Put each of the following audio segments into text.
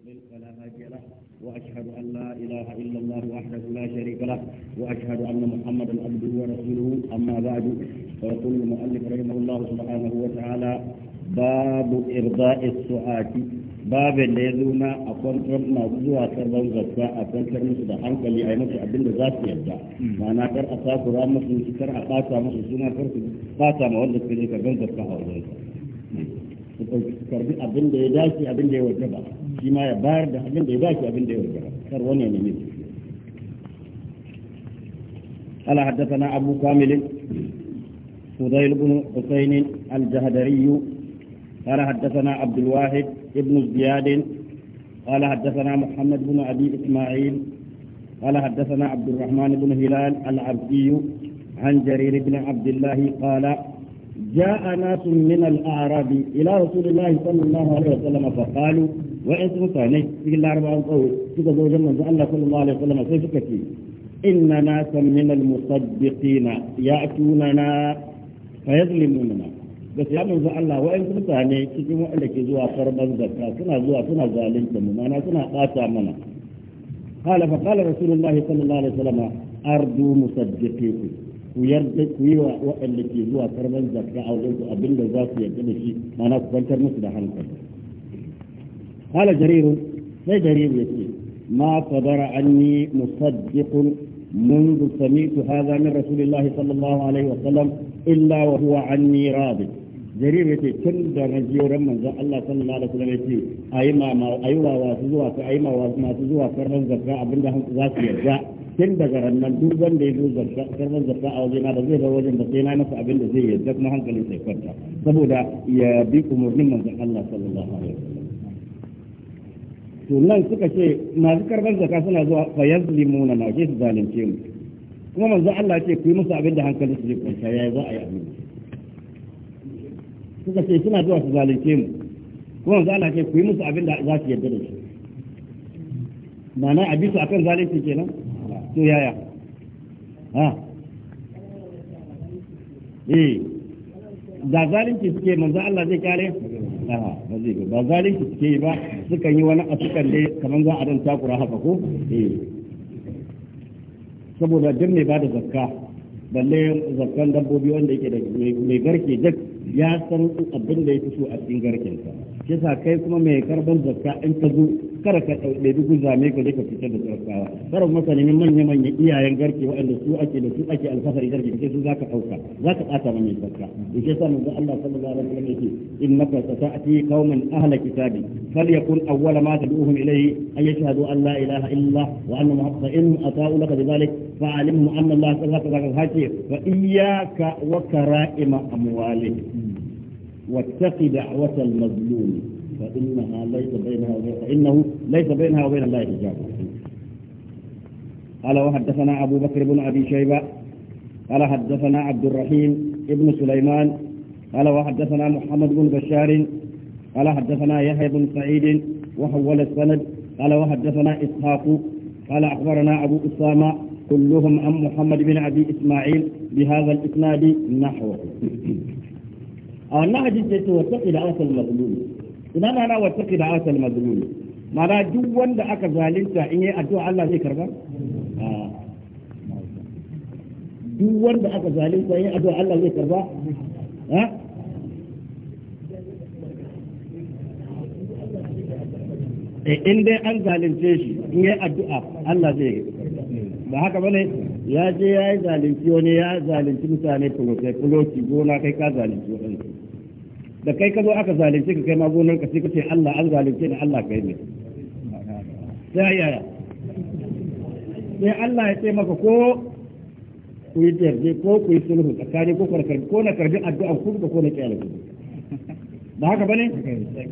يضلل فلا هادي له واشهد ان لا اله الا الله وحده لا شريك له واشهد ان محمدا عبده ورسوله اما بعد فيقول المؤلف رحمه الله سبحانه وتعالى باب ارضاء باب a kwantar masu zuwa karban zakka a kwantar musu da hankali a yi musu abin da za su yarda ma'ana kar a takura musu kar a fata musu suna kar su ma wanda karban a su karbi abin da ya dace abin da ya wajaba shi ma ya bayar da abin da ya dace abin da ya wajaba kar wani ne ne ala haddathana abu kamil فضيل بن حسين الجهدري قال حدثنا عبد الواحد بن زياد قال حدثنا محمد بن ابي اسماعيل قال حدثنا عبد الرحمن بن هلال العبدي عن جرير بن عبد الله قال جاء ناس من الأعراب إلى رسول الله صلى الله عليه وسلم فقالوا وإن سمتاني في الأربعة قول تقضوا جمع الله صلى الله عليه وسلم سيفكتي إن ناسا من المصدقين يأتوننا فيظلموننا بس يا منزل الله وإن سمتاني تقضوا لك زوا فربا زكا سنا زوا سنا ظالمتم منا سنا قاتا منا قال فقال رسول الله صلى الله عليه وسلم أرجو مصدقيكم ku yarda ku yi wa waɗanda ke zuwa karban zakka a wajen ku abin da za ku yarda da shi mana ku kwantar musu da hankali qala jarir sai ya ce ma sabara anni musaddiqun منذ سمعت هذا من رسول الله صلى الله عليه وسلم إلا وهو عني راض jarir yace tun da na jiyo ran manzon Allah sallallahu alaihi wasallam yace ayi ma ma ayi wa wasu zuwa ka ayi ma masu zuwa abinda za su yarda tun daga rannan duk wanda ya zo karban zakka a waje na ba zai bar wajen ba sai na masa abin da zai yi da kuma hankalin sai kwanta saboda ya bi umarnin manzon Allah sallallahu alaihi wasallam to nan suka ce masu karban zakka suna zuwa fa yazlimuna na ke su zalunce mu kuma manzon Allah ya ce ku yi musu abin da hankalin su zai kwanta yayi za a yi abin suka ce suna zuwa su zalunce mu kuma manzon Allah ya ce ku yi musu abin da za su yarda da shi ma'ana a bisa akan zalunci kenan to yaya ha eh da zalunci suke manzo Allah zai kare ba zai ba zalunci suke ba sukan yi wani asukan dai kamar za a dan takura haka ko eh saboda duk mai bada zakka balle zakkan dabbobi wanda yake da mai garke duk ya san abin da yake so a cikin garkinsa. Kisa kai kuma mai karban zakka in ka zo kada ka ɗaiɗi guzame ka je ka fitar da talakawa kada kuma ka nemi manya manyan iyayen garke waɗanda su ake da su ake alfahari garke kake su za ka ɗauka za ka ɓata manyan sarka da ke samun da Allah sallallahu alaihi wasallam yake innaka sata'ati qauman ahla kitabi falyakun awwala ma tad'uhum ilayhi an yashhadu an la ilaha illa wa anna muhammadan in ata'u laka bidhalik fa'alimhum anna Allah sallallahu alaihi wasallam wa iyyaka wa kara'ima amwalihim واتق دعوة المظلوم فإنها ليس بينها وبين فإنه ليس بينها وبين الله حجاب قال وحدثنا أبو بكر بن أبي شيبة قال حدثنا عبد الرحيم ابن سليمان قال وحدثنا محمد بن بشار قال حدثنا يحيى بن سعيد وحول السند قال وحدثنا إسحاق قال أخبرنا أبو أسامة كلهم عن محمد بن أبي إسماعيل بهذا الإسناد نحوه أو النهج إلى أصل المظلوم ina mana wata da asal mazlumi mana duk wanda aka zalunta in yi addu'a Allah zai karba duk wanda aka zalunta in yi addu'a Allah zai karba ha in dai an zalunce shi in yi addu'a Allah zai ba haka ba ya je ya yi zalunci wani ya zalunci mutane fuloki gona kai ka zalunci wani da kai ka zo aka zalunce ka kai ma gonar ka sai ka ce Allah an zalunce ni Allah kai ne sai ya sai Allah ya ce maka ko ku yi yarje ko ku yi sulhu tsakani ko ko na karbi addu'a ku ko na kyalaku ba haka bane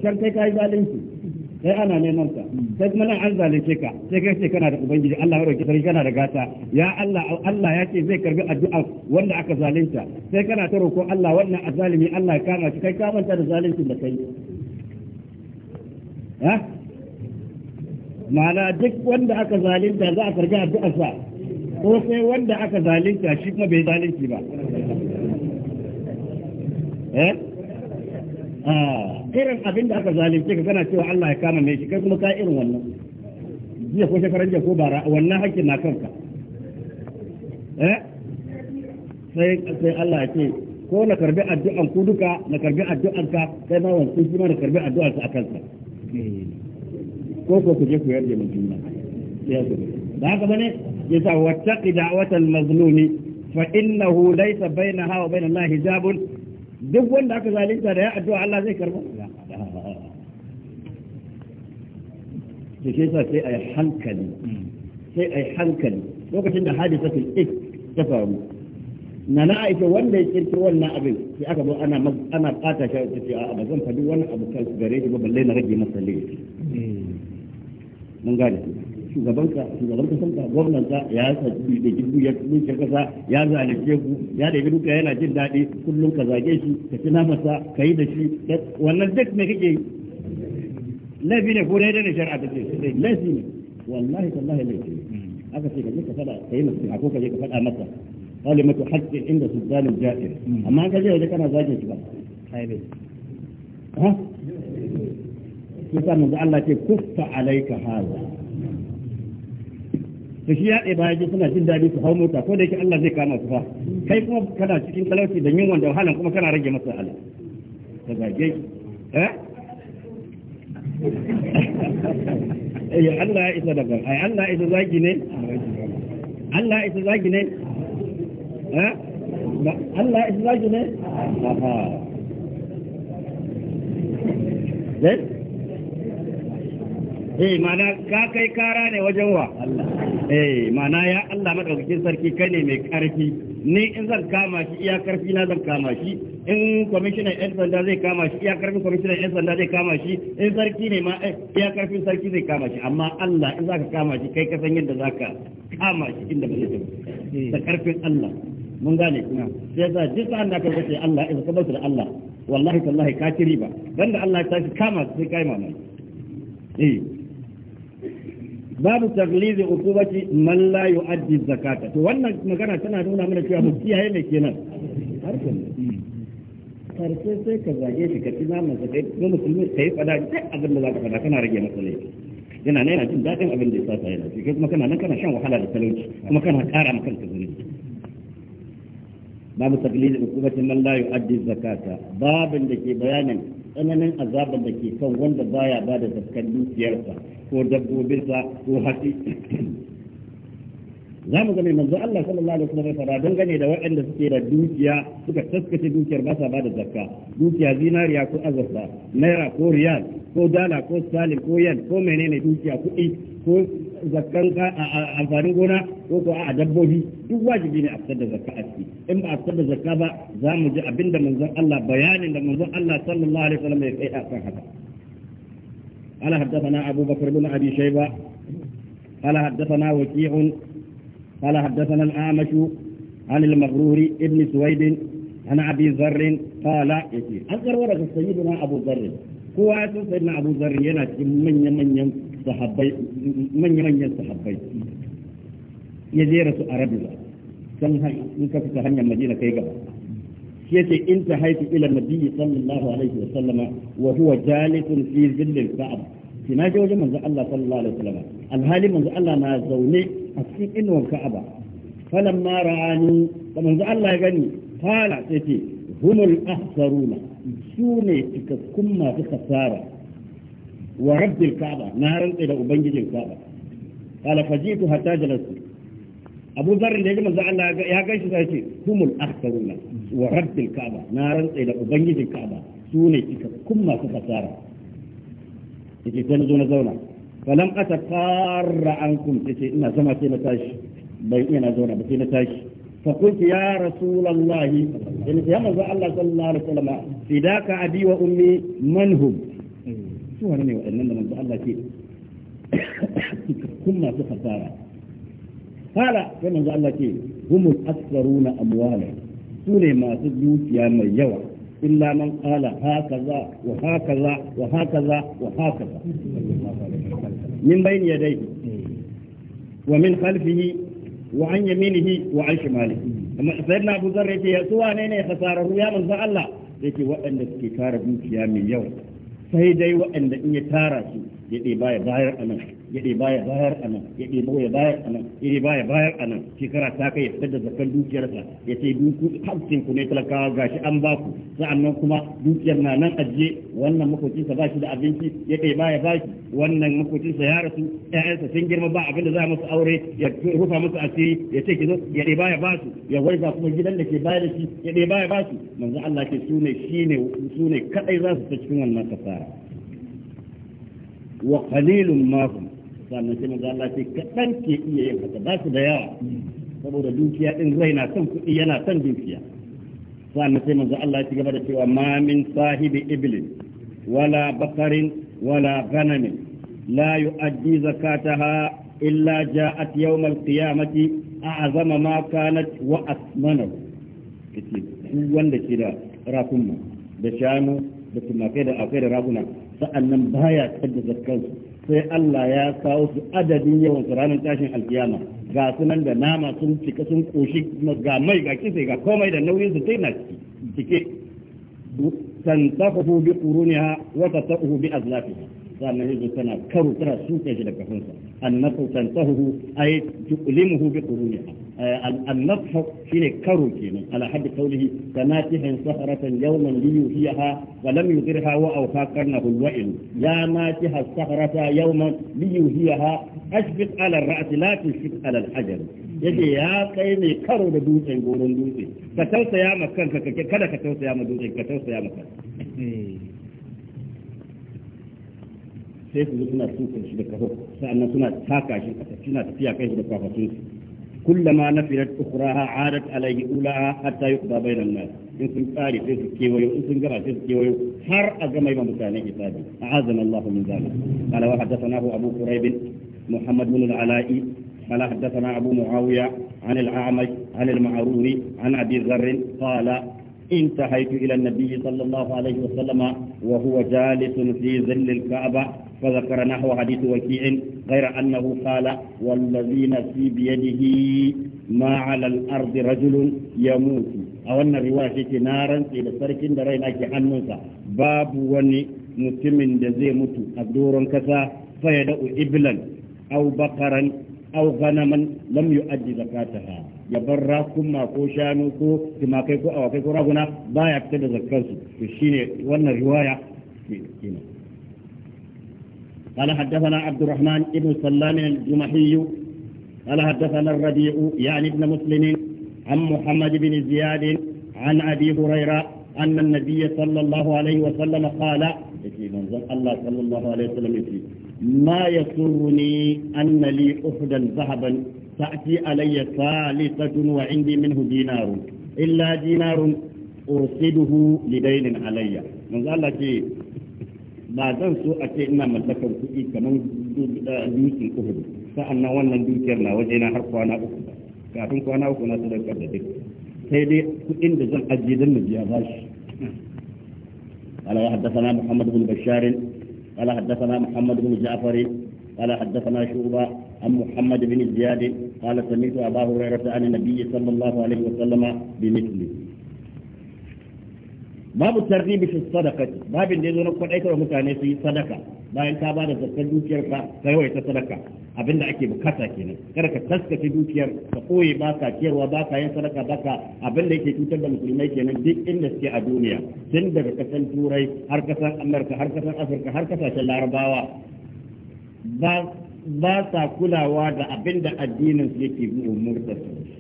kar kai kai zalunci sai ana neman sa hmm. sai kuma nan an zalunce ka sai kai ce kana da ubangiji Allah ya roki sai kana da gata ya Allah Allah ya ce zai karbi addu'a wanda aka zalunta sai kana ta roko Allah wannan azalimi Allah ya kama shi kai ka manta da zaluncin da kai ha mana duk wanda aka zalunta za a karbi addu'a sa ko sai wanda aka zalunta shi kuma bai zalunci ba eh irin abin da aka zalunce ka kana cewa Allah ya kama mai shi kai kuma ka irin wannan jiya ko shekaran jiya ko bara wannan hakkin na kanka eh sai sai Allah ya ce ko na karbi addu'an ku duka na karbi addu'an ka sai ma wancan shi na karbi addu'an sa akan sa ko ko ku je ku yarda mun juna ya zo da haka bane yasa wattaqi da'watal mazlumi fa innahu laysa bainaha wa bain Allah hijabun duk wanda aka zalinta da ya addu'a Allah zai karba da ke sa sai a yi hankali sai a yi hankali lokacin da hadisa ta fi ta faru na na aiki wanda ya kirki wannan abin sai aka zo ana ana fata shi ta ce a ba zan faɗi wannan abu kan gare shi ba balle na rage masa laifi hmm. mun gane shugabanka shugaban kasanka gwamnanka ya saci da jirgi ya kunce kasa ya zalunce ku ya da gidu ka yana jin daɗi kullum ka zage shi ka ci masa ka yi da shi wannan duk me kake yi laifi ne ko dai da shari'a ta ce laifi ne wallahi tallahi laifi ne aka ce ka je ka fada ka yi nasiha ko ka je ka fada masa kalimatu haqqin inda su sultanul ja'ir amma ka je waje kana zage shi ba ha yasa manzo Allah ce kuffa alayka haza. to shi ya ɗaya baya ji suna jin daɗi su hau mota ko da yake Allah zai kama su fa kai kuma kana cikin talauci da yunwan da wahalan kuma kana rage masa ala ka zage eh eh Allah ya isa daga ai Allah ya isa zagi ne Allah ya isa zagi ne eh Allah ya isa zagi ne ha ha eh? eh mana ka kai kara ne wajen wa eh mana ya Allah madaukakin sarki kai ne mai karfi ni in zan kama shi iya karfi na zan kama shi in commissioner yan sanda zai kama shi iya karfin commissioner yan sanda zai kama shi in sarki ne ma eh, iya karfin sarki zai kama shi amma Allah in zaka kama shi kai ka san yadda zaka kama shi inda ba zai da karfin Allah mun gane kuma sai yasa duk sa'an da ka kace Allah in eh, ka bauta da Allah wallahi tallahi ka ci riba banda Allah ya tashi kama sai kai mamaki eh babu taglizi ukubati man la yu'addi zakata to wannan magana tana nuna mana cewa mu kiyaye ne kenan harkar karshe sai ka zage shi ka tina naman sa kai na musulmi ka yi fada duk abin da za ka fada kana rage masa laifi yana nan yana jin daɗin abin da ya sasa yana shi kuma kana nan kana shan wahala da talauci kuma kana ƙara maka kanka zunubi babu taglizi ukubati man la yu'addi zakata babin da ke bayanin tsananin azabar da ke kan wanda baya ba da zakkar dukiyarsa ko dabbobinsa ko hatsi za mu gani manzo Allah sallallahu alaihi wasallam fara don gane da waɗanda suke da dukiya suka taskace dukiyar ba sa ba da zakka dukiya zinariya ko azurfa naira ko riyal ko dala ko salim ko yan ko menene dukiya kuɗi ko zakkan ka a amfanin gona ko ko a dabbobi duk wajibi ne a fitar da zakka a ciki in ba a fitar da zakka ba za mu ji abinda manzon Allah bayanin da manzon Allah sallallahu alaihi wasallam ya kai a kan haka قال حدثنا أبو بكر بن أبي شيبة قال حدثنا وكيع قال حدثنا الأعمش عن المغرور ابن سويد عن أبي ذر قال أذكر ورد سيدنا أبو ذر هو سيدنا أبو ذر ينا من من صحابي من من صحابي يزير عربي كم هاي إنك في هنيا مدينة كيغا يتي انتهيت إلى النبي صلى الله عليه وسلم وهو جالس في ظل الكعبة في ناجي وجه من الله صلى الله عليه وسلم الهالي من الله ما زوني a cikin inuwan ka'aba falan ma ra'ani da manzo Allah ya gani kala sai ce humul ahsaruna su ne cikakkun masu kasara wa rabbil ka'aba na rantsa da ubangijin ka'aba kala fajitu hatta jalastu abu zarin da ya gama Allah ya gan shi sai ce humul akhtaruna wa rabbil ka'aba na rantsa da ubangijin ka'aba su ne cikakkun masu kasara yake sai na zo na zauna falam aka tara an kun ce ina zama ce na tashi bai iya na zauna ba ce na tashi fa ya rasulullahi in ya manzo Allah sallallahu alaihi wasallam fidaka abi wa ummi su wani ne wannan da manzo Allah ke kun ma su fara fara sai manzo Allah ke humu aktharuna amwala su ne masu dukiya mai yawa إلا من قال هكذا وهكذا وهكذا وهكذا من بين يديه ومن خلفه وعن يمينه وعن شماله سيدنا أبو ذر يسوع نيني خسارة يا من الله yake waɗanda suke tara dukiya mai yawa sai dai waɗanda in ya tara su ya ɗeba ya bayar a nan ya ba ya bayar a nan ya ɗeba ya bayar a nan ya ɗeba ya bayar a nan shekara ta kai ya fitar da zakar dukiyarsa ya ce duku hamsin ku ne talakawa gashi an ba ku sa'annan kuma dukiyar na nan ajiye wannan makocinsa ba shi da abinci ya ba ya ba shi wannan makocinsa ya rasu ƴaƴansa sun girma ba abin da za musu aure ya rufa musu asiri ya ce ki zo ya ɗeba ya ba su ya ba kuma gidan da ke bayar da shi ya ba ya ba su manzo Allah ke su ne su ne kadai za su ta cikin wannan kasara وقليل ما هم sannan sai manzo Allah ce kaɗan ke iya yin haka ba su da yawa saboda dukiya ɗin rai na son kuɗi yana son dukiya sannan sai manzo Allah ya ci gaba da cewa ma min sahibi iblis wala bakarin wala ganamin la yu'addi zakataha illa ja'at yawm qiyamati a'zama ma kanat wa asmanahu kace wanda ke da rakunma da shanu da tumakai da akai da raguna sa'annan baya tsadda kansu. sai Allah ya kawo su adadin yawan su ranar tashin alkiyama ga sunan da nama sun cika sun koshi ga mai ga kisai ga komai da nauyin su na cike tantahu bi ƙuruniya wata tatahu bi azlafiha sannan yanzu tana karo tana suka shi da kafansa annafu tantahu ay tuqlimuhu bi quruniha النفح شيني كرو كيني على حد قوله كناتح سهرة يوما ليوهيها ولم يضرها ya قرنه الوئل يا ناتح السهرة يوما ليوهيها أشفق على الرأس لا تشفق على hajar yake ya kai karo da dutsen goron dutse ka tausaya ma kanka kada ka tausaya ma dutsen ka tausaya ma kanka hmm. sai su suna a shi da kafa sa'annan suna taka shi suna tafiya kai shi da kafatun su kullama nafirat ukhraha adat alayhi ulaha hatta yuqda bainan nas in sun tsari sai su kewayo in sun gama sai su kewayo har a gama yawan mutane a a'azana Allah min zalik qala wa haddathanahu abu quraib muhammad bin al-ala'i قال abu أبو معاوية عن الأعمش عن المعروري عن أبي ذر انتهيت إلى النبي صلى الله عليه وسلم وهو جالس في ظل الكعبة فذكر نحو حديث وكيع غير أنه قال والذي نفسي بيده ما على الأرض رجل يموت أو أن رواية نارا إلى سرك درينا كحنوسا باب وني متمن دزي متو الدور كسا فيدأ إبلا أو بقرا أو غنما لم يؤدي زكاتها يبرا كما كو كو كما كي كو أو كي كو رغنا با يكتد زكاته فشيني وانا رواية قال حدثنا عبد الرحمن بن سلام الجمحي قال حدثنا الربيع يعني ابن مسلم عن محمد بن زياد عن أبي هريرة أن النبي صلى الله عليه وسلم قال الله صلى الله عليه وسلم يقول ما يسرني أن لي أحدا ذهبا تأتي علي ثالثة وعندي منه دينار إلا دينار أرصده لدين علي من قال لك ba zan so a ce ina mallakar kuɗi kamar dutsen uhudu sa'an nan wannan dukiyar na waje na har kwana uku kafin kwana uku na sadakar da duk sai dai kuɗin da zan ajiye don na biya bashi قال وحدثنا محمد بن بشار قال حدثنا محمد بن جعفر قال حدثنا شعبة عن محمد بن زياد قال سمعت أبا هريرة عن النبي صلى الله عليه وسلم بمثله babu tarrin fi sadaqati babin da yazo na kwadaitar mutane su yi sadaka bayan ka bada zakkar dukiyar ka wai yawaita sadaka abinda ake bukata kenan kada ka taskace dukiyar ka ka baka ciyarwa baka yin sadaka baka abinda yake cutar da musulmai kenan duk inda suke a duniya tun daga kasan turai har kasan amurka har kasan afirka har kasashen larabawa ba ba sa kulawa da abinda addinin yake umurta su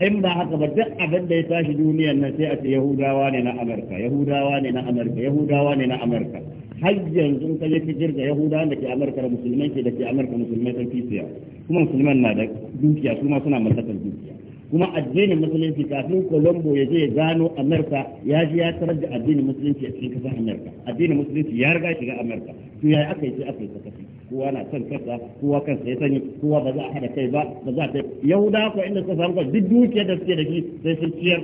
in ba haka ba duk abin da ya tashi duniyar nan sai a ce yahudawa ne na amurka yahudawa ne na amurka yahudawa ne na amurka har yanzu ka yi fijir da yahudawan da ke amurka da musulman ke da ke amurka musulmai sun fi siya kuma musulman na da dukiya su ma suna mallakar dukiya kuma addinin musulunci kafin colombo ya je gano amurka ya ji ya tarar da addinin musulunci a cikin kasar amurka addinin musulunci ya riga shiga amurka to ya aka yi sai aka yi sakaci kowa na son kansa kowa kansa ya sani kowa ba za a hada kai ba ba za ta yahuda ko inda suka samu duk dukiyar da suke da shi sai sun ciyar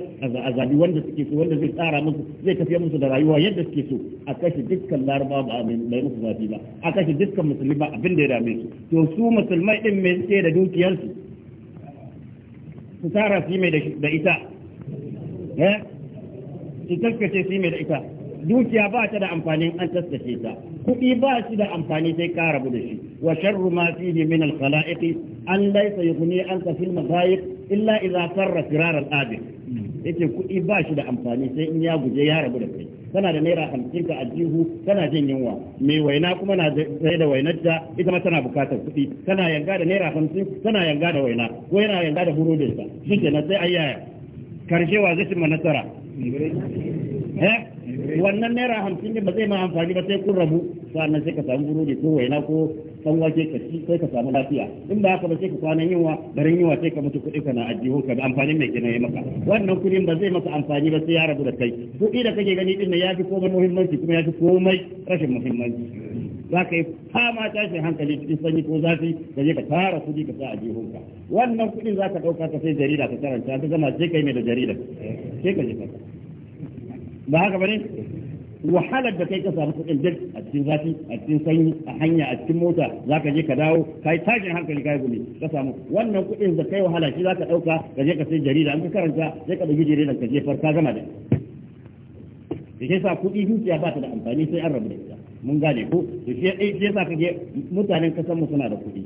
azabi wanda suke so wanda zai tsara musu zai tafiya musu da rayuwa yadda suke so a kashe dukkan laraba ba mai musu zafi ba a kashe dukkan musulmi ba abin da ya dame su to su musulmai din me suke da dukiyarsu su tsara su mai da ita eh su taskace su mai da ita dukiya ba ta da amfanin an taskace ta kuɗi ba shi da amfani sai ka rabu da shi wa sharru ma fihi min al khalaiq an laysa yughni an ka fil maghayib illa idza farra firar al abid yace kuɗi ba shi da amfani sai in ya guje ya rabu da kai kana da naira hamsin ka ajihu kana jin yunwa mai waina kuma na zai da wainarta ita ma tana bukatar kuɗi kana yanga da naira hamsin kana yanga da waina ko yana yanga da hurudinsa shi kenan sai ayyaya karshe wa zai cimma nasara Eh? wannan naira hamsin ne ba zai ma amfani ba sai kun rabu sannan sai ka samu burodi ko waina ko san wake ka ci sai ka samu lafiya in ba haka ba sai ka kwanan yunwa garin yunwa sai ka mutu kuɗi kana ajiyo ka amfani mai gina ya maka wannan kuɗin ba zai maka amfani ba sai ya rabu da kai kuɗi da kake gani din nan ya fi komai muhimmanci kuma ya fi komai rashin muhimmanci za ka yi fama tashin hankali cikin sanyi ko zafi ka je ka tara kuɗi ka sa a ka wannan kuɗin za ka ɗauka ka sai jarida ka karanta ka zama sai kai mai da jarida sai ka je ka ba haka bane wahalar da kai ka samu kuɗin duk a cikin zafi a cikin sanyi a hanya a cikin mota za ka je ka dawo ka yi tajin hankali ka yi gumi ka samu wannan kuɗin da kai wahala shi za ka ɗauka ka je ka sai jarida an ka karanta sai ka ɗauki jarida ka jefar ka gama da shi sa kuɗi dukiya ba ta da amfani sai an rabu da ita mun gane ko to sa ka je mutanen kasanmu suna da kuɗi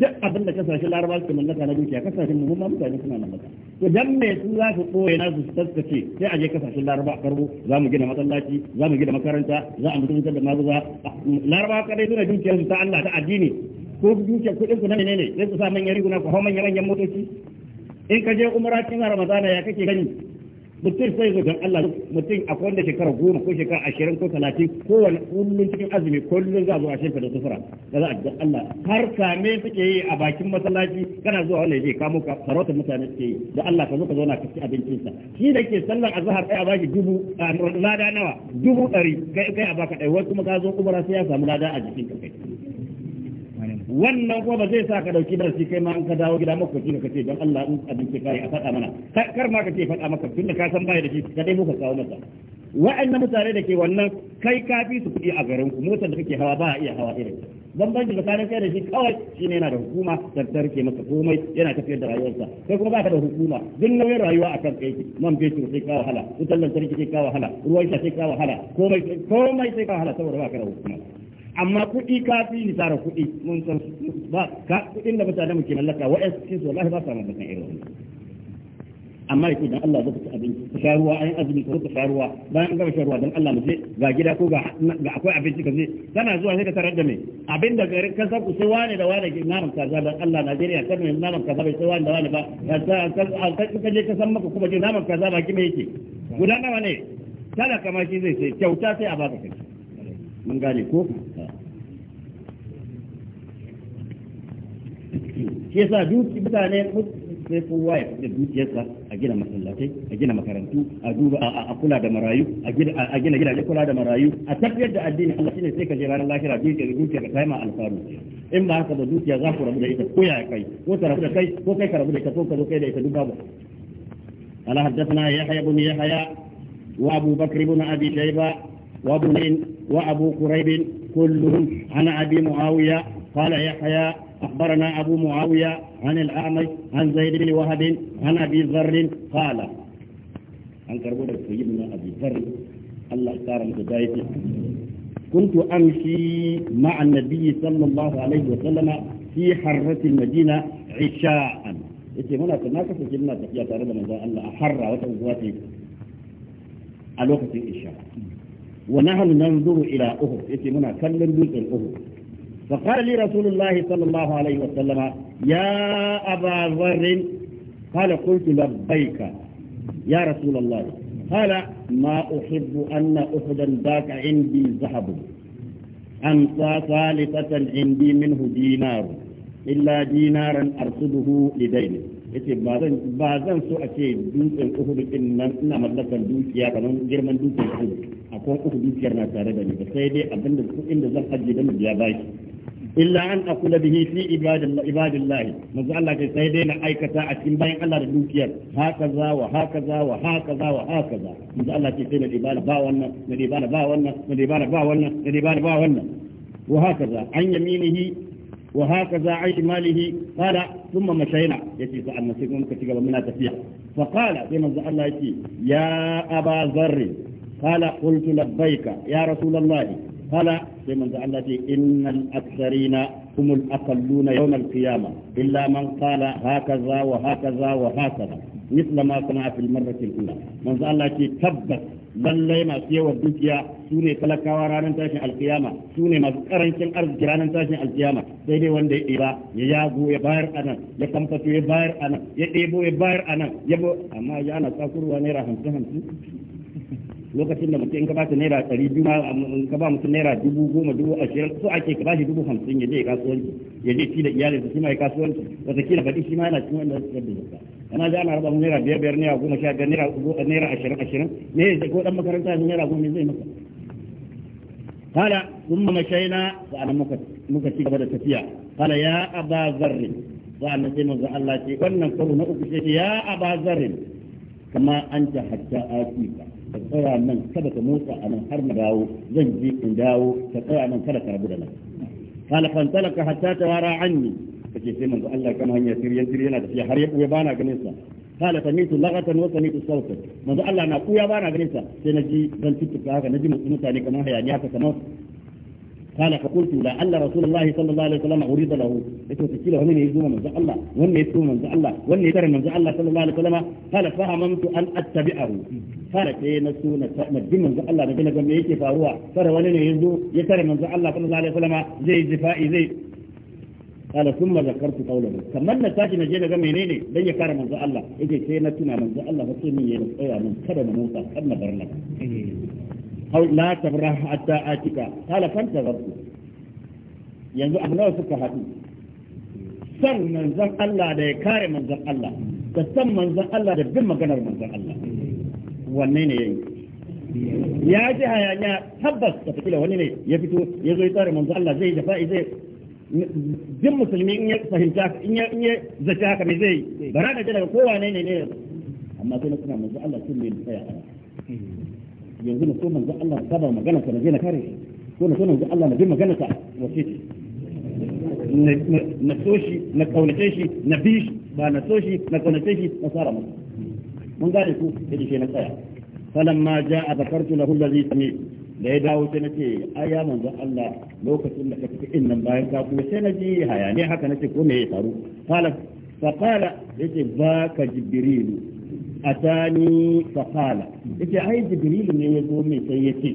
duk abin da kasashen laraba su mallaka na dukiya kasashen mu ma mutane suna mata to dan me su za su koye na su taskace sai a je kasashen laraba a karbo za mu gina masallaci za mu gina makaranta za a mutunta da mabuza larabawa kadai suna dukiyar su ta Allah ta addini ko dukiyar kuɗin ku na menene sai ku sa manyan riguna ku hau manyan manyan motoci in ka je umara cikin ramadana ya kake gani mutum sai zaton Allah mutum a kowanne shekara goma ko shekara ashirin ko talatin wani kullum cikin azumi kullum za a zo a shekara da sufura da za a ga Allah har kame suke yi a bakin masallaci kana zuwa wannan zai kamo ka sarautar mutane suke yi da Allah ka zo ka zauna ka ci abincinsa shi da ke sallar azhar kai a baki dubu lada nawa dubu ɗari kai a baka ɗaya wasu kuma ka zo kubura sai ya samu lada a jikin ka kai wannan kuma ba zai sa ka dauki darasi kai ma an ka dawo gida makoci ka ce don Allah in abinci kai a faɗa mana kar ma ka ce faɗa maka tunda ka san bai da shi ka dai muka kawo masa wa'annan mutane da ke wannan kai ka fi su kuɗi a garin ku motar da kake hawa ba a iya hawa irin bambanci tsakanin kai da shi kawai shi ne yana da hukuma da ke masa komai yana tafiyar da rayuwarsa kai kuma baka da hukuma duk nauyin rayuwa a kan kai man fetur sai ka wahala wutar lantarki sai ka wahala ruwan sha sai ka wahala komai sai kawo hala saboda baka da hukuma amma kuɗi ka fi ni tara kuɗi mun san ba ka kuɗin da mutane muke mallaka wa cikin su wallahi ba sa mallakan irin wannan amma yake dan Allah zaka ci abinci ta sha ruwa ayin azumi ko ka sharuwa bayan an gama sharuwa dan Allah muje ga gida ko ga ga akwai abinci ka je kana zuwa sai ka tarar da me abin da garin kan ku sai wani da wani naman kaza dan Allah Najeriya kan ne naman kaza bai sai wani da wani ba ka ka je ka san maka kuma je naman kaza ba kime yake guda nawa ne kada kama shi zai sai kyauta sai a baka kai mun gane ko shi yasa duk mutane sai kowa ya da dukiyarsa a gina masallatai a gina makarantu a duba a kula da marayu a gina gidaje kula da marayu a tafiyar da addini Allah shine sai ka je ranar lahira dukiyar dukiyar ka kai ma alfaru in ba haka da dukiya za ku rabu da ita ko ya kai ko ta rabu da kai ko kai ka rabu da ita ko ka zo kai da ita duk babu قال حدثنا يحيى بن يحيى وابو بكر بن ابي شيبه wa abu quraib kulluhum ana abi muawiya قال يحيى أخبرنا أبو معاوية عن الأعمي عن زيد بن وهب عن أبي ذر قال عن كربولة سيدنا أبي ذر الله اختار لبدايته كنت أمشي مع النبي صلى الله عليه وسلم في حرة المدينة عشاء إتي هنا تناك سجلنا تحية ربنا من ذا الله أحرى وتوقفاتي الوقت العشاء ونحن ننظر إلى أهو إتي هنا كلم بيت الأهو فقال لي رسول الله صلى الله عليه وسلم يا أبا ذر قال قلت لبيك يا رسول الله قال ما أحب أن أحدا ذاك عندي ذهب أنسى ثالثة عندي منه دينار إلا دينارا أرصده لدينه yace ba zan ba zan so a ce dutsen Uhud din nan ina mallakar dukiya kamar girman dutsen Uhud akwai Uhud dukiyar na tare da ni ba sai dai abinda kuɗin da zan ajiye da mu biya baki illa an akula bihi fi ibadillahi manzo Allah kai sai dai na aikata a cikin bayan Allah da dukiyar haka za wa haka za wa haka za wa hakaza manzo Allah kai sai na ibada ba wannan na ibada ba wannan na ibada ba wannan na ibada ba wannan wa haka za an yaminihi wa haka hakaza an shimalihi qala thumma mashayna yace sai annabi sai kuma kaci gaba muna tafiya fa qala sai manzo Allah yake ya aba zarri qala qultu labbaika ya rasulullahi قال كما قال إن الأكثرين هم الأقلون يوم القيامة إلا من قال هكذا وهكذا وهكذا مثل ما صنع في المرة الأولى من قال تبت lallai masu yawan dukiya su ne talakawa ranar tashin alkiyama su ne masu karancin arziki ranar tashin alkiyama sai dai wanda ya ɗiba ya yago ya bayar a nan ya kamfato ya bayar a nan ya ɗebo ya bayar a nan ya amma ya tsakurwa naira hamsin hamsin lokacin da mutum in ka ba ta naira ɗari biyu in ka ba mutum naira dubu goma dubu ashirin so ake ka ba shi dubu hamsin ya je ya kasuwanci ya je shi da iyalin shi ma ya kasuwanci wataƙila baɗi shi ma yana cikin wanda suka da zakka ana ji ana raba mu naira biyar biyar naira goma sha biyar naira naira ashirin ashirin ne zai ko dan makaranta ya naira goma zai maka kala قال na مشينا ana muka ci gaba da tafiya kala ya wannan ذر na uku الله شيء وأنا قلنا أكشي يا an ta كما ta حتى آتيك ka tsaya nan kada ka motsa a nan har na dawo zan je in dawo ka tsaya nan kada ka rabu da nan qala fantalaka hatta a anni kace sai manzo Allah kama hanya tiryan tiryan yana tafiya har ya buya bana ganin sa قال سمعت لغة وسمعت صوتا ما ذا الله نقول يا بانا غريسا سنجي بل تتكا هكا نجي مصنوطا لك ما هي يعني هكا كما قال فقلت لعل رسول الله صلى الله عليه وسلم أريد له يتو تكيله من يزوم من الله ومن يتوم من الله ومن يدر من الله صلى الله عليه وسلم قال فهممت أن أتبعه قال كي نسونا نجم من الله نجم نجم يكي فاروا ترى ولن يزو يتر من الله صلى الله عليه وسلم زي زفائي زي قال ثم ذكرت قوله كمان نتاجي نجي لغا منيني دي يكار من الله يجي كي نتنا من الله فكي من يلقيا من كرم موسى كرم برلك أو لا تبرح حتى آتك قال فانتظرت yanzu abu suka haɗu san manzan Allah da ya kare manzan Allah da san manzan Allah da bin maganar manzan Allah wanne ne yayi ya ji hayaniya tabbas ta tafi wani ne ya fito ya zo ya tsare manzan Allah zai dafa zai jin musulmi in ya fahimta in ya in ya zaci haka me zai bara da daga kowa ne ne ne amma sai na suna manzan Allah sun ne tsaya yanzu na so manzo Allah na saba magana ka na je na kare ko na so manzo Allah na bi magana ka wace ce na so shi na kaunace shi na bi shi ba na so shi na kaunace shi na sara masa mun gane ku da shi na tsaya falamma ja'a zakartu lahu allazi sami da ya dawo sai nace ai ya manzo Allah lokacin da ka fita in nan bayan ka kuma sai naji hayaniya haka nace ko me ya faru Fala. fa qala yace ba ka jibrilu atani faqala yace ai jibril ne ya zo mai sai yace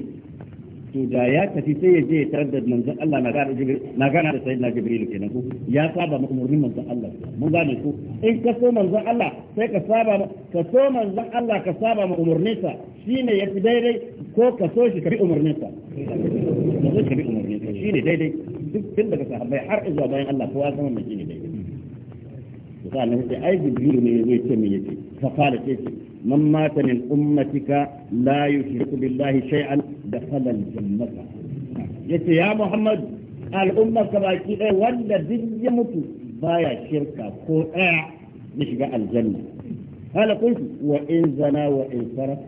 to da ya tafi sai ya je ya tarar da manzon Allah na gana jibril na gana da sayyidina jibril kenan ko ya saba ma umurnin manzon Allah mun gane ko in ka so manzon Allah sai ka saba ka so manzon Allah ka saba ma umurninsa shine yafi daidai ko ka so shi ka bi umurninsa ka so shi bi umurninsa shine daidai duk tun daga sahabbai har zuwa bayan Allah kowa zama mai shine daidai to sai Allah ya ai jibril ne ya zo ya ce me yake فقال إيه من مات من أمتك لا يشرك بالله شيئا دخل الجنة يتي يا محمد الأمة كباكي إيه ولا دي يموتوا بايا شركة قرآع نشبع الجنة قال قلت وإن زنا وإن سرق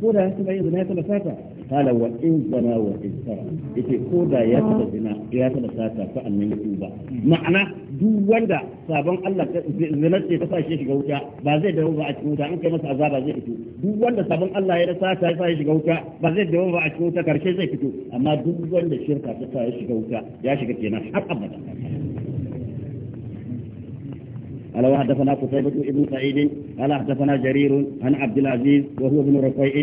كودا يتبع زنا يتبع ساتا قال وإن زنا وإن سرق يتي كودا يتبع زنا يتبع ساتا فأنا يتوبا معنى duk wanda sabon Allah zinar ce ta sashe shiga wuta ba zai dawo ba a cikin wuta an kai masa azaba zai fito duk wanda sabon Allah ya rasa ta sashe shiga wuta ba zai dawo ba a cikin wuta karshe zai fito amma duk wanda shirka ta sa shiga wuta ya shiga kenan har abada قال وحدثنا قتيبة بن سعيد قال حدثنا جرير عن عبد العزيز وهو ابن رفيع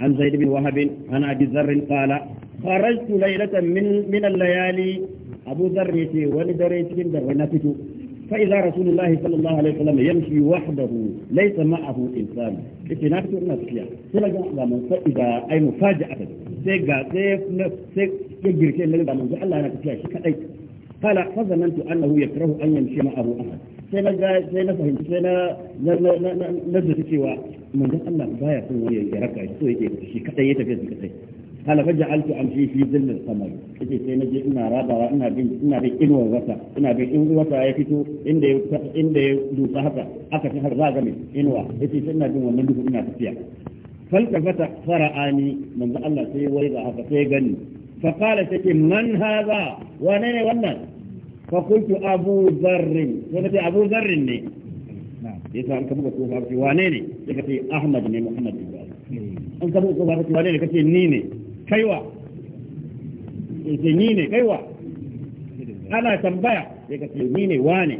عن زيد بن وهب عن ابي ذر قال خرجت ليلة من من الليالي abu zarra yace wani dare cikin dare na fito fa idza rasulullahi sallallahu alaihi wasallam yamshi wahdahu laysa ma'ahu insan yace na fito ina tafiya sai ga alaman fa idza ai mufaja'atan sai ga sai sai ya girke ne da manzo Allah yana tafiya shi kadai fala fa zanantu annahu yakrahu an yamshi ma'ahu ahad sai na ga sai na fahimci sai na na na na na cewa na Allah baya son wani ya raka shi so yake shi kadai ya tafi shi قال فجعلت امشي في ظل القمر yace sai naje ina rabawa ina bin ina bin inuwar wata ina bin in wata ya fito inda ya inda ya dusa haka aka fi har zaga mai inuwa yace sai ina bin wannan duhu ina tafiya faltafata fara'ani manzo Allah sai wai ga haka sai gani fa qala take man hadha wane ne wannan fa qultu abu dharr sai abu dharr ne yasa an kafa ko fa wane ne sai ce ahmad ne muhammad an kafa ko fa wane ne kace ni ne kaiwa yake ni ne kaiwa ana tambaya yake ce ni ne wane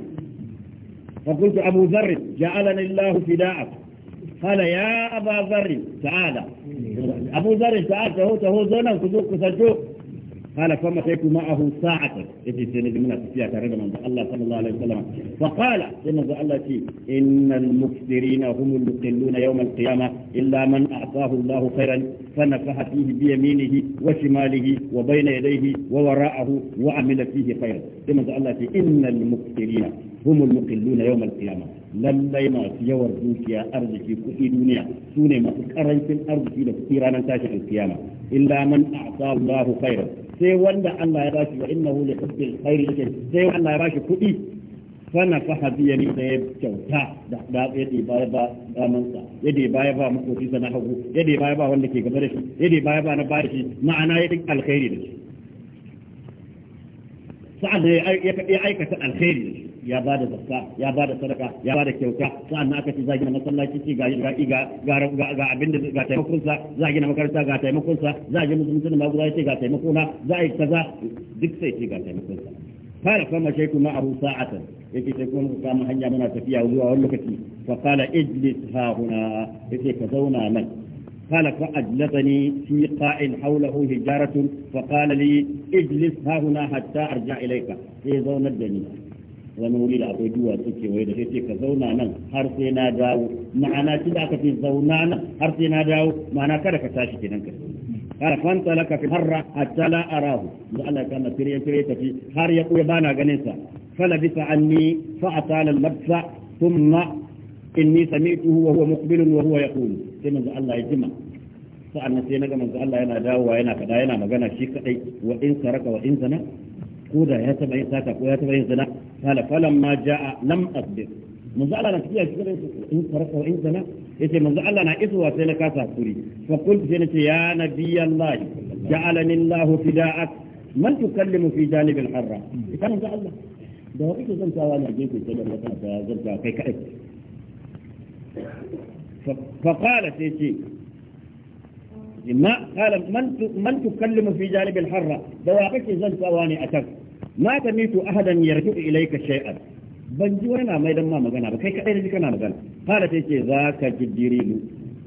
fa kuntu abu dharr ja'alani allah fida'a qala ya aba dharr ta'ala abu dharr ta'ala taho taho zo nan ku zo ku sajo قال فمشيت معه ساعة إذن سيدي منا السفية تقريبا من الله صلى الله عليه وسلم فقال إن الله تي إن المكسرين هم المقلون يوم القيامة إلا من أعطاه الله خيرا فنفح فيه بيمينه وشماله وبين يديه ووراءه وعمل فيه خيرا إن الله تي إن المكسرين هم المقلون يوم القيامة lallai masu yawar dukiya arziki kuɗi duniya su ne masu ƙarancin arziki da kuɗi ranar tashin alkiyama illa man أعطاه Allahu خيرا sai wanda Allah ya bashi wa innahu li hubbil khairi yake sai Allah ya bashi kuɗi fana fa hadiya ni da ya kyauta da da ya de baya ba damansa ya de baya ba makoci sana hagu ya de baya ba wanda ke gaba da shi ya de baya ba na ba shi ma'ana ya duk alkhairi da shi sa'an ya aikata alkhairi da shi ya ba da zakka ya ba da sadaka ya ba da kyauta sa'annan aka ce za gina masallaci ce ga ga ga ga abin da ga taimakon sa za gina makaranta ga taimakon sa za gina musulunci ma guda ce ga taimako na za a yi kaza duk sai ce ga taimakon sa fara kuma sai kuma abu sa'atan yake sai kuma kama hanya muna tafiya zuwa wani lokaci fa qala ijlis ha huna yake ka zauna nan قال فأجلسني في قاع حوله هجارة فقال لي اجلس ها هنا حتى أرجع إليك في زون الدنيا wani wuri da akwai duwatsu kewaye da sai ka zauna nan har sai na dawo ma'ana tun da aka ce zauna nan har sai na dawo ma'ana kada ka tashi kenan ka kada kwanta laka fi harra hatta la arahu da Allah kana kire kire tafi har ya kuya bana ganin sa fala bisa anni fa atala al-madsa thumma inni sami'tuhu wa huwa muqbilun wa huwa yaqulu sai manzo Allah ya jima sa'an sai naga manzo Allah yana dawowa yana kada yana magana shi kadai wa in saraka wa in zana ko da ya taba yin saka ko ya taba yin zina kala falan ma ja'a lam asbir manzo Allah na tafiya cikin in farka in zina yace manzo Allah na isuwa sai na kasa kuri fa qultu sai nace ya nabiyallahi ja'alani Allah fida'ak man tukallimu fi janib al-harra kan manzo Allah da wani ke zantawa na gefe sai da mutum ta zanta kai kai fa qala sai ce ما قال من من تكلم في جانب الحرة دواقك زنت واني أتك ma tamitu ahadan yarju ilayka shay'an ban ji wani na mai dan ma magana ba kai kadai ji kana magana kala ta ce za ka jibrilu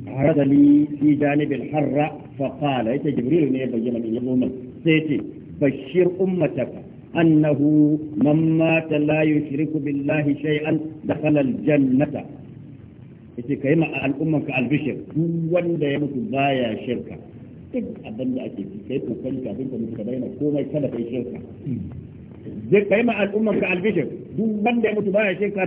haradali fi janibil harra fa qala yace Jibril ne bayyana min yabo mun sai ce bashir ummataka annahu man mata la yushriku billahi shay'an dakhala aljannata yace kai ma al'umman ka albishir duk wanda ya mutu baya shirka duk abin da ake ci kai kokari kafin ka mutu ka daina komai kada kai shirka je kai ma al'ummar الفجر دون duk banda ya mutu baya shirka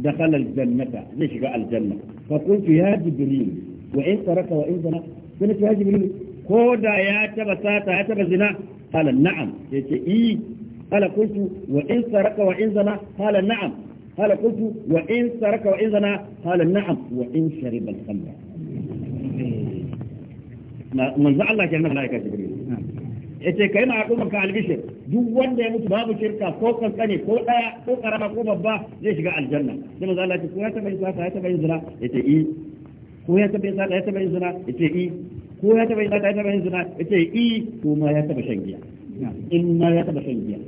دخل الجنة ليش جاء الجنة فقلت يا جبريل وإن ترك وإن زنا قلت يا جبريل كودا يا تبا ساتا يا تبا زنا قال نعم قلت إيه قال قلت وإن ترك وإن زنا قال نعم قال قلت وإن ترك وإن زنا قال نعم وإن شرب الخمر ما زعل الله كلمة ملائكة جبريل ya ce kai ma al'umma ka albishir duk wanda ya mutu babu shirka ko kankane ko daya ko karama ko babba zai shiga aljanna sai manzo Allah ce ko ya taba yin sata ya taba yin zina ce i ko ya taba yin sata ya taba yin zina ce i ko ya taba yin sata ya taba yin zina yace i ko ma ya taba shan giya in ma ya taba shan giya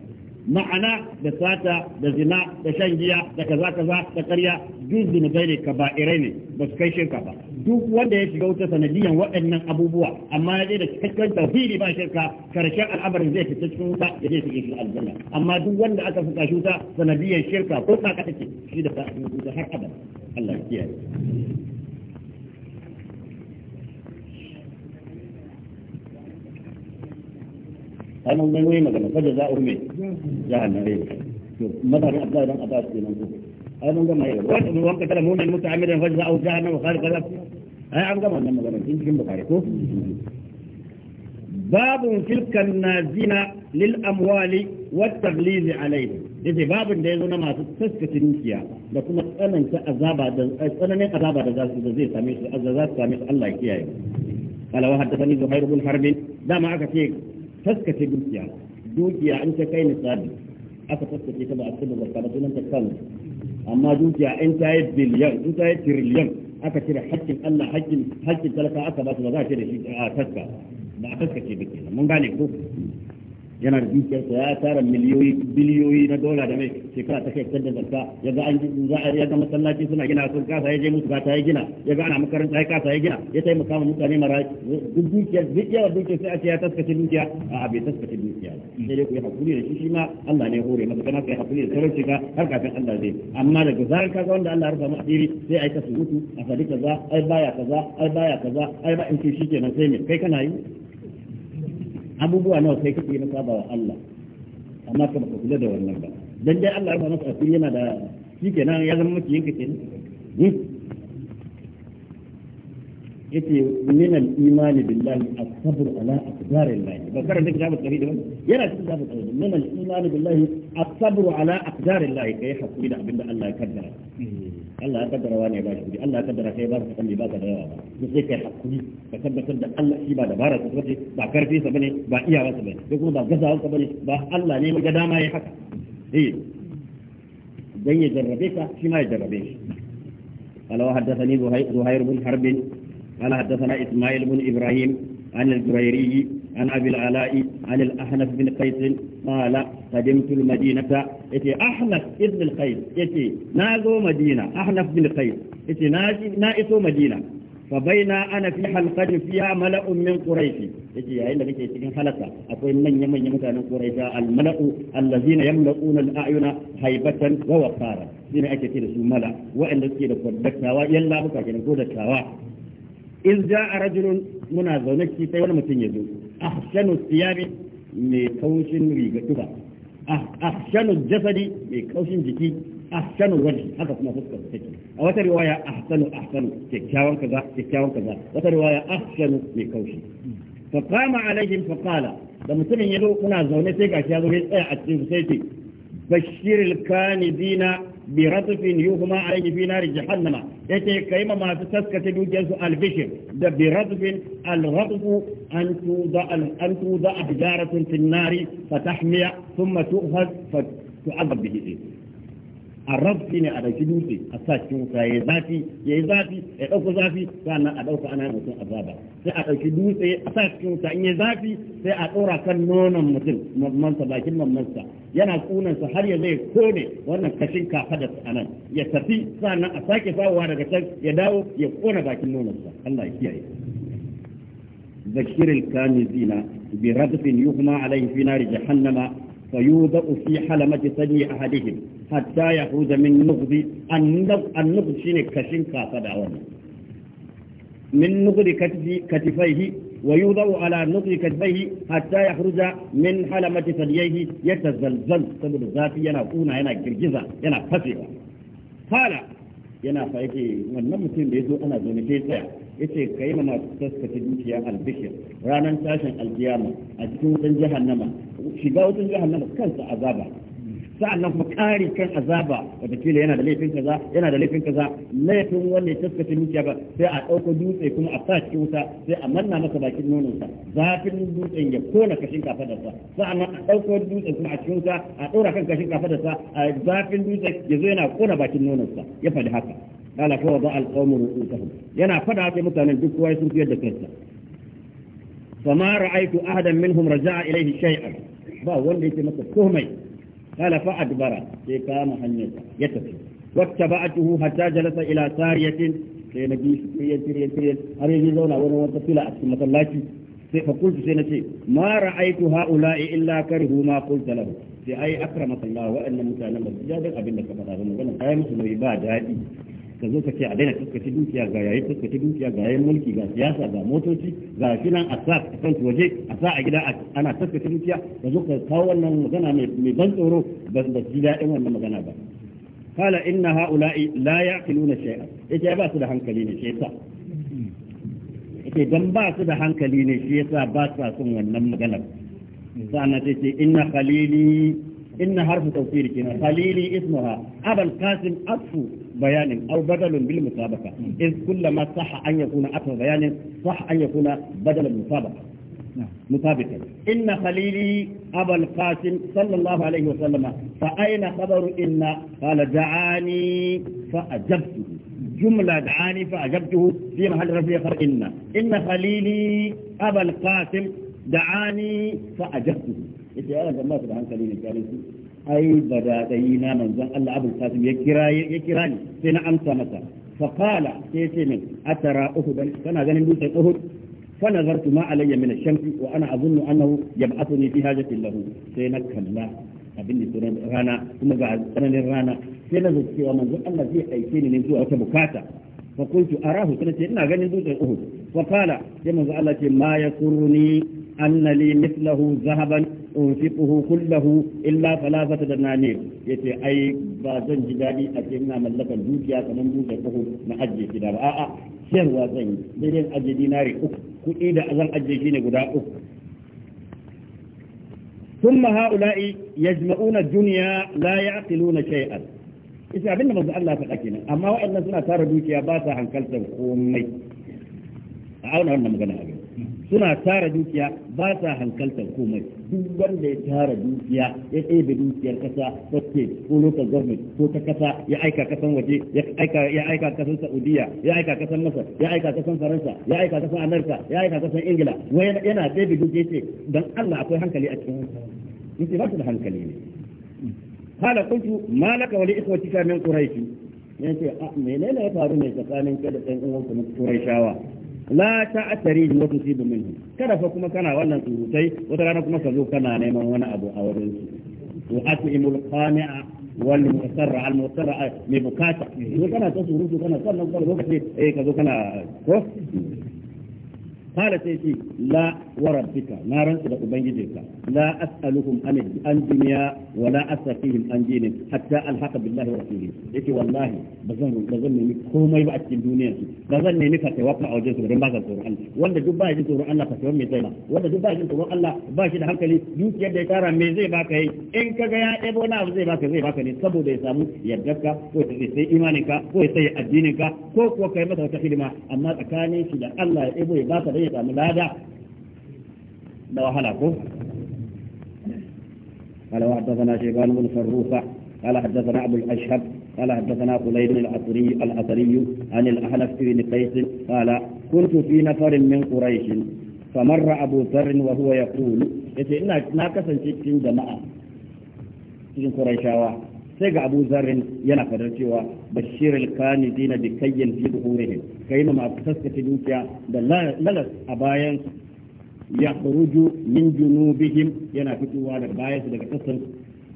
ma'ana da sata da zina da shan giya da kaza kaza da karya duk zunubai ne bairai ne ba su kai shirka ba duk wanda ya shiga wuta sanadiyan waɗannan abubuwa amma ya je da cikakken tauhidi ba shirka karshen al'amarin zai fita cikin wuta ya je cikin aljanna amma duk wanda aka fuka shi wuta sanadiyan shirka ko ta take shi da ta wuta har abada Allah ya kiyaye أنا من وين مثلا فجأة أقول مين جهنم إيه شوف ماذا أنا أبدأ أنا أبدأ في نفسي أنا من جمع إيه وقت من وقت كلام مؤمن متعمد فجأة أو جهنم وخارج كذا أنا عم جمع لما جمع إنت كم بقارئه باب تلك النازنة للأموال والتغليز عليهم إذا باب ديزونا ما تسكت تنسيا لكم أنا أنسى أزابا أنا أنا أزابا دزاز دزير سميس أزازات سميس الله يكيه قال وحدثني زهير بن حرب دا معك فيك taskace dukiya dukiya an ta kai misali aka taskace ta ba a cikin zakka ba sunan ta kan amma dukiya in ta yi biliyan in ta yi tiriliyan aka cire hakkin Allah hakkin hakkin talaka aka ba su ba za a ce da shi a taska ba a taskace dukiya mun gane ko yana da dukiyarsa ya tara miliyoyi biliyoyi na dola da mai shekara ta kai da zarta ya ga an za a ya ga masallaci suna gina sun kasa ya je musu gata ya gina ya ga ana makaranta ya kasa ya gina ya taimaka ma mutane mara duk dukiyar duk yawa dukiyar sai a ce ya taskace dukiya a bai taskace dukiya sai dai ku yi hakuri da shi shi ma Allah ne hore maka kana kai hakuri da sarauci ka har kafin Allah zai amma daga zarar ka ga wanda Allah ya rufa mu asiri sai ai ka mutu a sadi kaza ai baya kaza ai baya kaza ai ba in ce kenan sai me kai kana yi abubuwa nawa kai kake na saba wa Allah amma ka baka kula da wannan ba dan dai Allah ya masa asiri yana da shikenan ya zama miki yanka kenan hmm? yace min al-iman billahi as-sabr ala aqdar Allah ba karan da kitabul tauhid ba yana cikin kitabul tauhid min al-iman billahi as-sabr ala aqdar Allah kai hakuri da abinda Allah ya kaddara Allah ya kaddara wani ba shi Allah ya kaddara kai ba ka kalli ba ka da yawa ba sai kai hakuri ka tabbatar da Allah shi ba dabara ko tabbace ba karfi sa bane ba iyawa sa bane kuma ba gazawa sa bane ba Allah ne ga dama yayi haka eh dan ya jarrabe ka shi ma ya jarrabe shi قال وحدثني زهير بن حرب قال حدثنا إسماعيل بن إبراهيم عن الجريري عن أبي العلاء عن الأحنف بن قيس قال قدمت المدينة إتي أحنف ابن القيس إتي ناغو مدينة أحنف بن قيس إتي نائسو مدينة فبين أنا في حلقة فيها ملأ من قريش إتي يا إلا بكي تكن حلقة أقول من يمن يمكن قريش الملأ الذين يملؤون الأعين هيبة ووقارا دين أكتير سو ملأ وإن تكير قد دكتاوا يلا بكا كنقود دكتاوا in ja a rajulun muna zaune ki sai wani mutum ya zo Shanu siyabi mai kaushin riga tuba ah, Shanu jasadi mai kaushin jiki Shanu wajhi haka kuma fuskar take a wata riwaya ahsanu ahsanu kyakkyawan kaza kyakkyawan kaza wata riwaya ahsanu mai kaushi fa qama alaihim fa qala da mutumin ya zo muna zaune sai gashi ya zo ya tsaya a cikin sai ce bashiril kanidina برطف يغمى عليه في نار جهنم يتي كيما ما تسكت دوجز البشر ده برطف الرطف أن توضع أن توضع حجارة في النار فتحمي ثم تؤخذ فتعذب به a rafi ne a ɗauki dutse a sa cikin wuta ya zafi ya yi zafi ya dauko zafi sannan a dauka ana mutum azaba sai a ɗauki dutse a sa cikin wuta in ya zafi sai a ɗora kan nonon mutum mammansa bakin mammansa yana kunansa har ya zai kone wannan kashin kafa da anan ya tafi sannan a sake fawowa daga can ya dawo ya kona bakin nononsa Allah ya kiyaye ذكر الكامزين برغف يغمى alayhi في نار جهنم فيوضع في حلمة ثدي أحدهم حتى يخرج من نقض النقض شين كشين كافدا من نقض كتفيه ويوضع على نقض كتفيه حتى يخرج من حلمة ثدييه يتزلزل سبب ذاتي ينا كونا ينا جرجزة ينا فسيرة قال ينا فايتي من نمسين بيزو أنا زوني في yace kai mana taskace dukiya albishir ranar tashin alkiyama a cikin wutan jahannama shiga wutan jahannama kansa azaba sa'annan kuma kari kan azaba wataƙila yana da laifin kaza yana da laifin kaza laifin wanda ya taskace dukiya ba sai a ɗauko dutse kuma a sa cikin wuta sai a manna masa bakin nononsa zafin dutsen ya kona kashin kafadarsa sa'annan a ɗauko dutse kuma a cikin wuta a ɗora kan kashin kafadarsa a zafin dutse ya zo yana kona bakin nononsa ya faɗi haka قال فوضع القوم رؤوسهم yana fada ta mutanen duk kowa sun fiyar da kansa فما رأيت أحدا منهم رجع إليه شيئا با wanda yake masa komai قال فأدبر sai kama hanyar ya واتبعته حتى جلس إلى سارية sai na bi shi tiryan har yanzu zauna wani wata fila a cikin masallaci sai fa kultu sai na ce ma ra'aitu haula'i illa karihu ma qulta lahu sai ai akrama sallahu wa'annan mutanen ba su jadin abin da ka faɗa musu ba daɗi ka zo ka ce a daina kaskace dukiya ga yayi kaskace dukiya ga yayin mulki ga siyasa ga motoci ga finan a sa kan waje a sa a gida ana kaskace dukiya ka zo ka kawo wannan magana mai ban tsoro ba su ji daɗin wannan magana ba kala inna ha'ula'i la ya'qiluna shay'a yace ba su da hankali ne shi yasa yace dan ba su da hankali ne shi yasa ba sa son wannan maganar sa'an sai ce inna khalili inna harfu tawfir kina khalili ismuha abul qasim asfu بيان أو بدل بالمسابقة إذ كلما صح أن يكون أكثر بيان صح أن يكون بدل المسابقة مسابقا إن خليلي أبا القاسم صلى الله عليه وسلم فأين خبر إن قال دعاني فأجبته جملة دعاني فأجبته في محل رفع خبر إن إن خليلي أبا القاسم دعاني فأجبته إذا أنا جمعت عن خليلي كارثي ai ba da dai na manzon Allah Abu Qasim ya kira ya kira ni sai na amsa masa fa qala sai ce min atara uhudan kana ganin dutsen uhud فنظرت ما علي من ana وانا اظن انه يبعثني في حاجه له سينكل لا abin da sunan rana kuma ga tsananin rana sai na zuci cewa manzo Allah zai aike ni ne zuwa wata bukata fa kuntu arahu sai ce ina ganin dutsen Uhud fa kala sai manzo Allah ce ma yasurruni anna li mithlahu zahaban unfiquhu kullahu illa thalathata dananir yace ai ba zan ji dadi a ce ina mallakan dukiya kaman dukiyar uku na ajiye shi da ba a'a siyarwa zan yi sai zan ajiye dinari uku kuɗi da zan ajiye shi ne guda uku ثم هؤلاء يجمعون الدنيا لا يعقلون شيئا إذا أبنى مزع الله فالأكينا أما وإن سنة تاردوك يا باسا عن كالسة وقومي أعونا أعونا مغنى أبنى suna tara dukiya ba sa hankaltar komai duk wanda ya tara dukiya ya ɗebe dukiyar kasa ce ko local government ko ta kasa ya aika kasan waje ya aika kasan saudiya ya aika kasan masar ya aika kasan faransa ya aika kasan amerika ya aika kasan ingila yana ɗebe dukiya ce don allah akwai hankali a cikin ce ba su da hankali ne hala kuntu malaka wali ikwatika min quraishi yace a ah, menene ya faru ne tsakanin kai da ɗan uwanka na quraishawa la ta ta'tari wa tusibu minhu kada fa kuma kana wannan surutai wata rana kuma ka zo kana neman wani abu a wurin su wa atimul qani'a wal mutarra al mutarra mi bukata kana ta surutu kana sannan kuma lokaci eh ka zo kana ko قال سيتي لا وربك لا رنس لأبنجدك لا أسألهم عن الدنيا ولا أسألهم عن دينك حتى ألحق بالله ورسوله يتي والله بزن بزن كوما يبقى في الدنيا بزن نيك توقع أو جنس بدون بعض القرآن ولا جبا يجن قرآن الله فتوم مزينا ولا جبا يجن قرآن الله باش ده هنكلي يوك يد يتارا مزي باك هي إن كجاء إبونا مزي باك مزي باك لي سبوا ده سامو يدك كو تسي إيمانك كو تسي أدينك كو كو كلمة وتخدمة أما أكاني شد الله إبوي باك طريقة لماذا لو هلكوا قال وحدثنا شيبان بن فروخة قال حدثنا أبو الأشهب قال حدثنا قليل الأثري الأثري عن الأحنف بن قيس قال كنت في نفر من قريش فمر أبو ذر وهو يقول إذا إنك ناقصا شكين جماعة من قريشاوة sai ga Abu Zarrin yana fadar cewa bashirul kanidina bi kayyin fi buhurihim kai ma masu taskace dukiya da lalas a bayan ya khuruju min junubihim yana fitowa daga bayan su daga kasan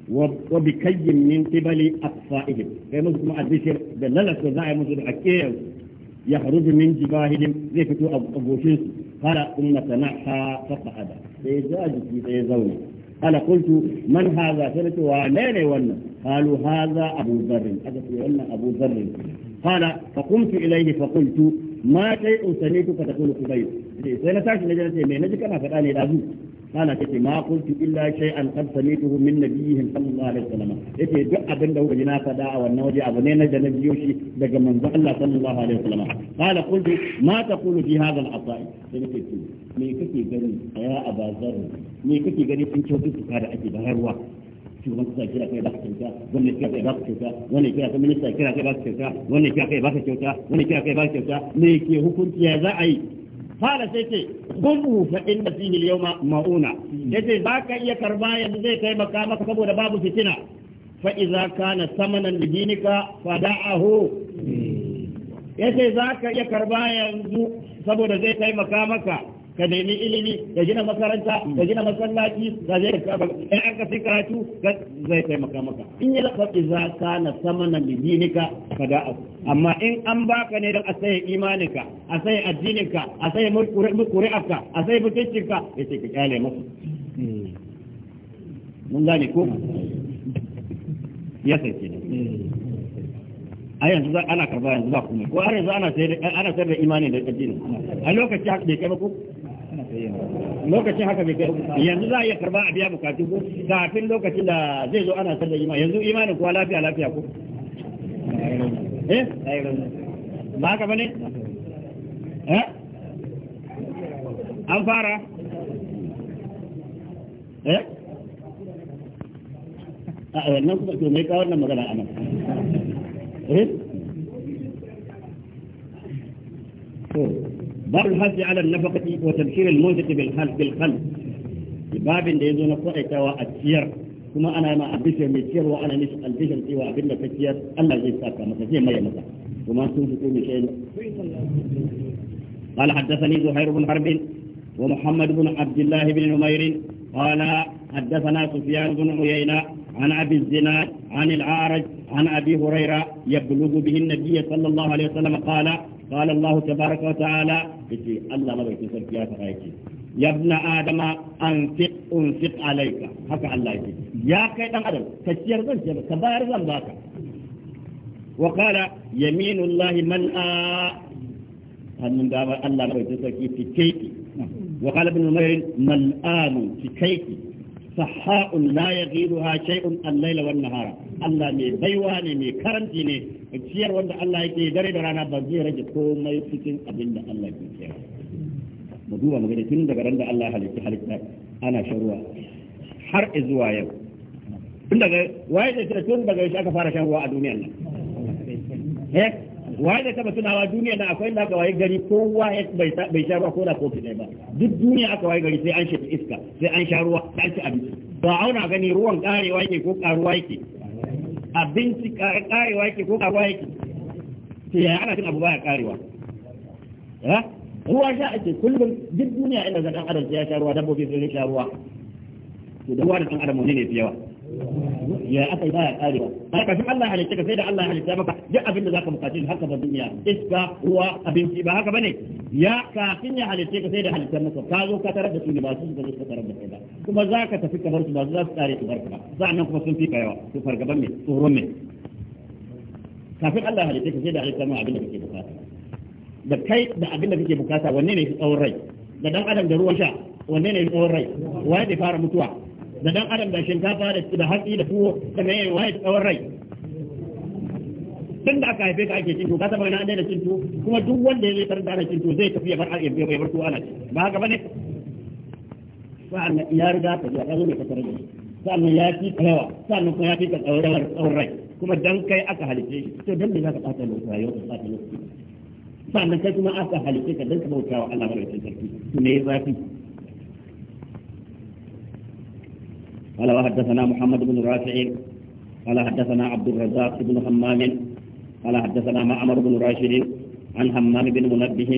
wa bi kayyin min qibali aqsaihim kai musu kuma albishir da lalas da za a yi musu da akiyar يخرج su جباههم زي فتو أبوشين قال sai تنحى فقعد سيزاج ya zauna. قال قلت من هذا قلت ولين ون قالوا هذا أبو ذر أقول أبو ذر قال فقمت إليه فقلت ما شيء سمعتك تقول قبيل sai na tashi na jirage mai naji kana faɗa ne da zu قال تتي ما قلت إلا شيئا قد سمعته من نبيهم صلى الله عليه وسلم يتي دع أبن دو جنا فداء والنوجي أبنين جنب يوشي دق الله صلى الله عليه وسلم قال قلت ما تقول في هذا العطاء da ake bayarwa shugaban kasa kira kai ba kyauta wanda kira kai ba kyauta wanda kira kai minista kira kai kyauta kira kai kyauta kira kai kyauta me ke hukunci ya za a yi fara sai ce Gungu fa inda fihi yauma yau mauna hmm. ce, ba ka iya karba yanzu zai taimaka maka saboda babu fitina fa idza kana samanan lidinika Ya hmm. yace za ka iya karba yanzu saboda zai taimaka maka ka nemi ilimi ka gina makaranta ka gina masallaci ka je ka in an ka karatu zai taimaka maka in ya fa iza ka ka da abu amma in an baka ne don a sai imaninka a sai addininka a sai murkuri'arka a sai mutuncinka ce ka kyale masu hmm. mun gane ko ya sai kenan a yanzu za ana karba yanzu ba kuma ko har yanzu ana sayar da imanin da addini a lokaci haka bai kai ba ko lokacin haka bai yanzu za a iya karba a biya bukatu ko kafin lokacin da zai zo ana sallar imani yanzu imanin kuwa lafiya lafiya ko eh ba ka bane eh an fara eh a wannan eh, kuma to me kawar nan magana anan eh باب الحث على النفقة وتبشير المنفق بالخلف بالخلف باب يزون يزو نقرأ وأتير كما أنا ما أبشر ميتير وأنا مش أبشر سوى أبن فكير الله زي ساكا مثلا ما يمسا وما تنفقوا من شيء قال حدثني زهير بن حرب ومحمد بن عبد الله بن نمير قال حدثنا سفيان بن عيينة عن أبي الزناد عن العارج عن أبي هريرة يبلغ به النبي صلى الله عليه وسلم قال قال الله تبارك وتعالى يتي الله ما يكي سرقيا فرايكي يا ابن آدم أنفق أنفق عليك هكا الله يتي يا كيد آدم تشير زن شير كبار زن باك وقال يمين الله ملأ hannun dama Allah mai tsarki ki kaiki wa qala ibn umayr mal'anu ki kaiki صحاء لا يغيرها شيء الليل laila الله مي Allah مي baiwa ne mai karanti ne ciyar wanda Allah yake dare da rana ba zai rage komai cikin abinda Allah ke ciyar mu duba mu gani daga ran da Allah halitta halitta ana sharuwa har zuwa yau tun daga waye da daga yau aka sharuwa a duniyar nan eh? waye da taba tunawa duniya na akwai da aka waye gari kowa bai sha ruwa ko da kofi ne ba duk duniya aka waye gari sai an shi iska sai an sha ruwa sai an ci abinci ba auna gani ruwan karewa yake ko karuwa yake abinci karewa yake ko karuwa yake to ya ana cin abu baya karewa eh? ruwa sha ake kullum duk duniya inda zan dan adam sai ya sha ruwa dabbobi sai ya sha ruwa to da ruwa da dan adam ne ne fi yawa ya aka baya kare ba haka duk Allah halitta ka sai da Allah halitta maka abin da zaka haka ba duniya iska ruwa abinci ba haka bane ya kafin ya halitta ka sai da halitta maka ka zo ka tarar da su ne ba su zo tarar da kai ba kuma zaka tafi kamar su ba za su kare barka ba kuma sun fi ka yawa su fargaban me tsoron me kafin Allah halitta ka sai da halitta maka abin da kake bukata da kai da abin da kake bukata wanne ne fi tsawon rai da dan adam da ruwan sha wanne ne fi tsawon rai waye fara mutuwa da dan adam da shinkafa da da hatsi da tuwo da mai waye tsawon rai tun da aka haife ka ake cin tuwo ka saba na daina cin tuwo kuma duk wanda ya zai tarar da ana cin tuwo zai tafi ya bar ya bar tuwo ana ba haka bane sa'an ya riga ka ya zo ne ka tarar da shi sa'an ya fi yawa sa'an kuma ya fi ka tsawon rai kuma dan kai aka halice shi to dan me zaka ɓata lokaci rayuwar ka ɓata lokaci sa'an kai kuma aka halice ka dan ka wa Allah madaukakin sarki ne zafi قال وحدثنا محمد بن رافع قال حدثنا عبد الرزاق بن حمام قال حدثنا معمر بن راشد عن حمام بن منبه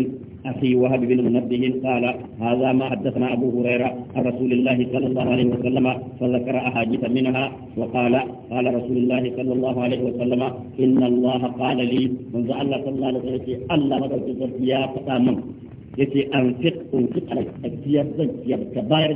أخي وهب بن منبه قال هذا ما حدثنا أبو هريرة عن رسول الله صلى الله عليه وسلم فذكر أحاديث منها وقال قال رسول الله صلى الله عليه وسلم إن الله قال لي من جعل صلى الله عليه وسلم الله مدرسة يا فقام يتي أنفق أنفق عليك أكتير زنك يبكى باير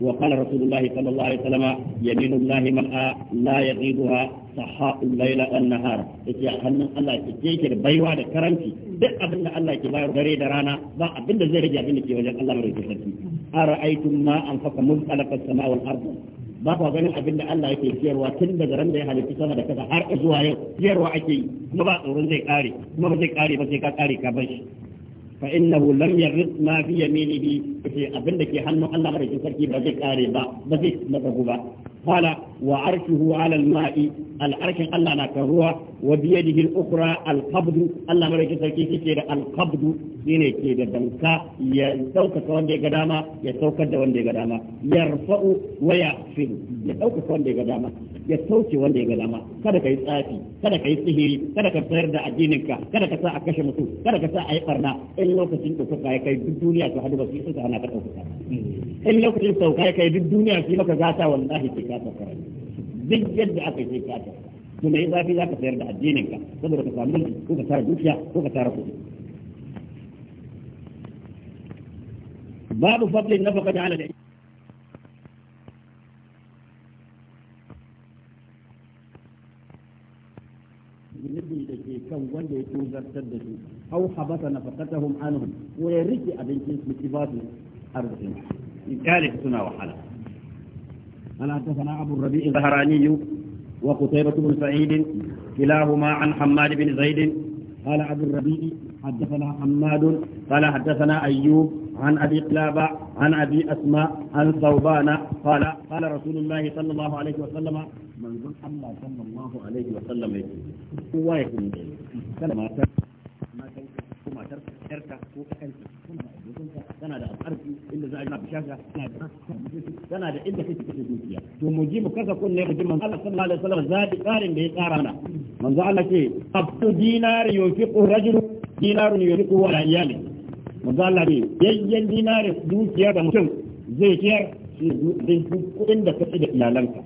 وقال رسول الله صلى الله عليه وسلم يمين الله مرأة لا يغيبها صحاء الليل والنهار يتي أخلنا الله يتيك البيوة كرمتي دق أبن الله كبير غريد رانا با أبن زي رجع أبن كي وجه الله مريد كرمتي أرأيتم ما أنفق مزقلق السماء والأرض ba ku ganin abin da Allah yake ciyarwa tun daga ran da ya halitta sama da kasa har zuwa yau ciyarwa ake yi kuma ba tsoron zai kare kuma ba zai kare ba sai ka kare ka bar shi fa innahu lam yarrid ma bi yaminihi ce abin da ke hannu Allah madaukakin sarki ba zai kare ba ba zai matsagu ba قال وعرشه على الماء العرش الله نكروه وبيده الأخرى القبض الله مريك al'habdu. كير القبض يني كير دمكا يسوك كون دي قداما يسوك دون دي قداما يرفع ويغفر يسوك كون دي قداما يسوك دي قداما kada ka yi tsafi kada ka yi sihiri kada ka tsayar da addinin, kada ka sa a kashe mutum kada ka sa a yi barna in lokacin ɗaukaka ya duk duniya su hadu ba su yi ka sauka ya duk duniya su maka gata wallahi ka karanta duk yadda aka yi ka karanta to mai zafi za ka sayar da addinin ka saboda ka samu mulki ko ka tara dukiya ko ka tara kuɗi babu fadlin nafaka ta ala da zunubi da ke kan wanda ya tozartar da su au habata nafaqatahum anhum ko ya rike abincin su ki ba su arzikin kyale suna wahala قال حدثنا أبو الربيع الزهراني وقتيبة بن سعيد كلاهما عن حماد بن زيد قال أبو الربيع حدثنا حماد قال حدثنا أيوب عن أبي قلابة عن أبي أسماء عن ثوبان قال قال رسول الله صلى الله عليه وسلم من ذو الله صلى الله عليه وسلم يقول هو يقول كلمة ما ترك ما ترك ترك tana da alƙarfi inda za a yi na bishasha kana da tana da inda kake kashe dukiya to mu ji mu kasa kunne mu ji manzo Allah sallallahu alaihi wasallam zabi tsarin da ya tsara mana manzo Allah ce abdu dinar yufiqu rajul dinarun yufiqu wa iyali manzo Allah ne yayyan dinar dukiya da mutum zai kiyar shi din kudin da kake da iyalanka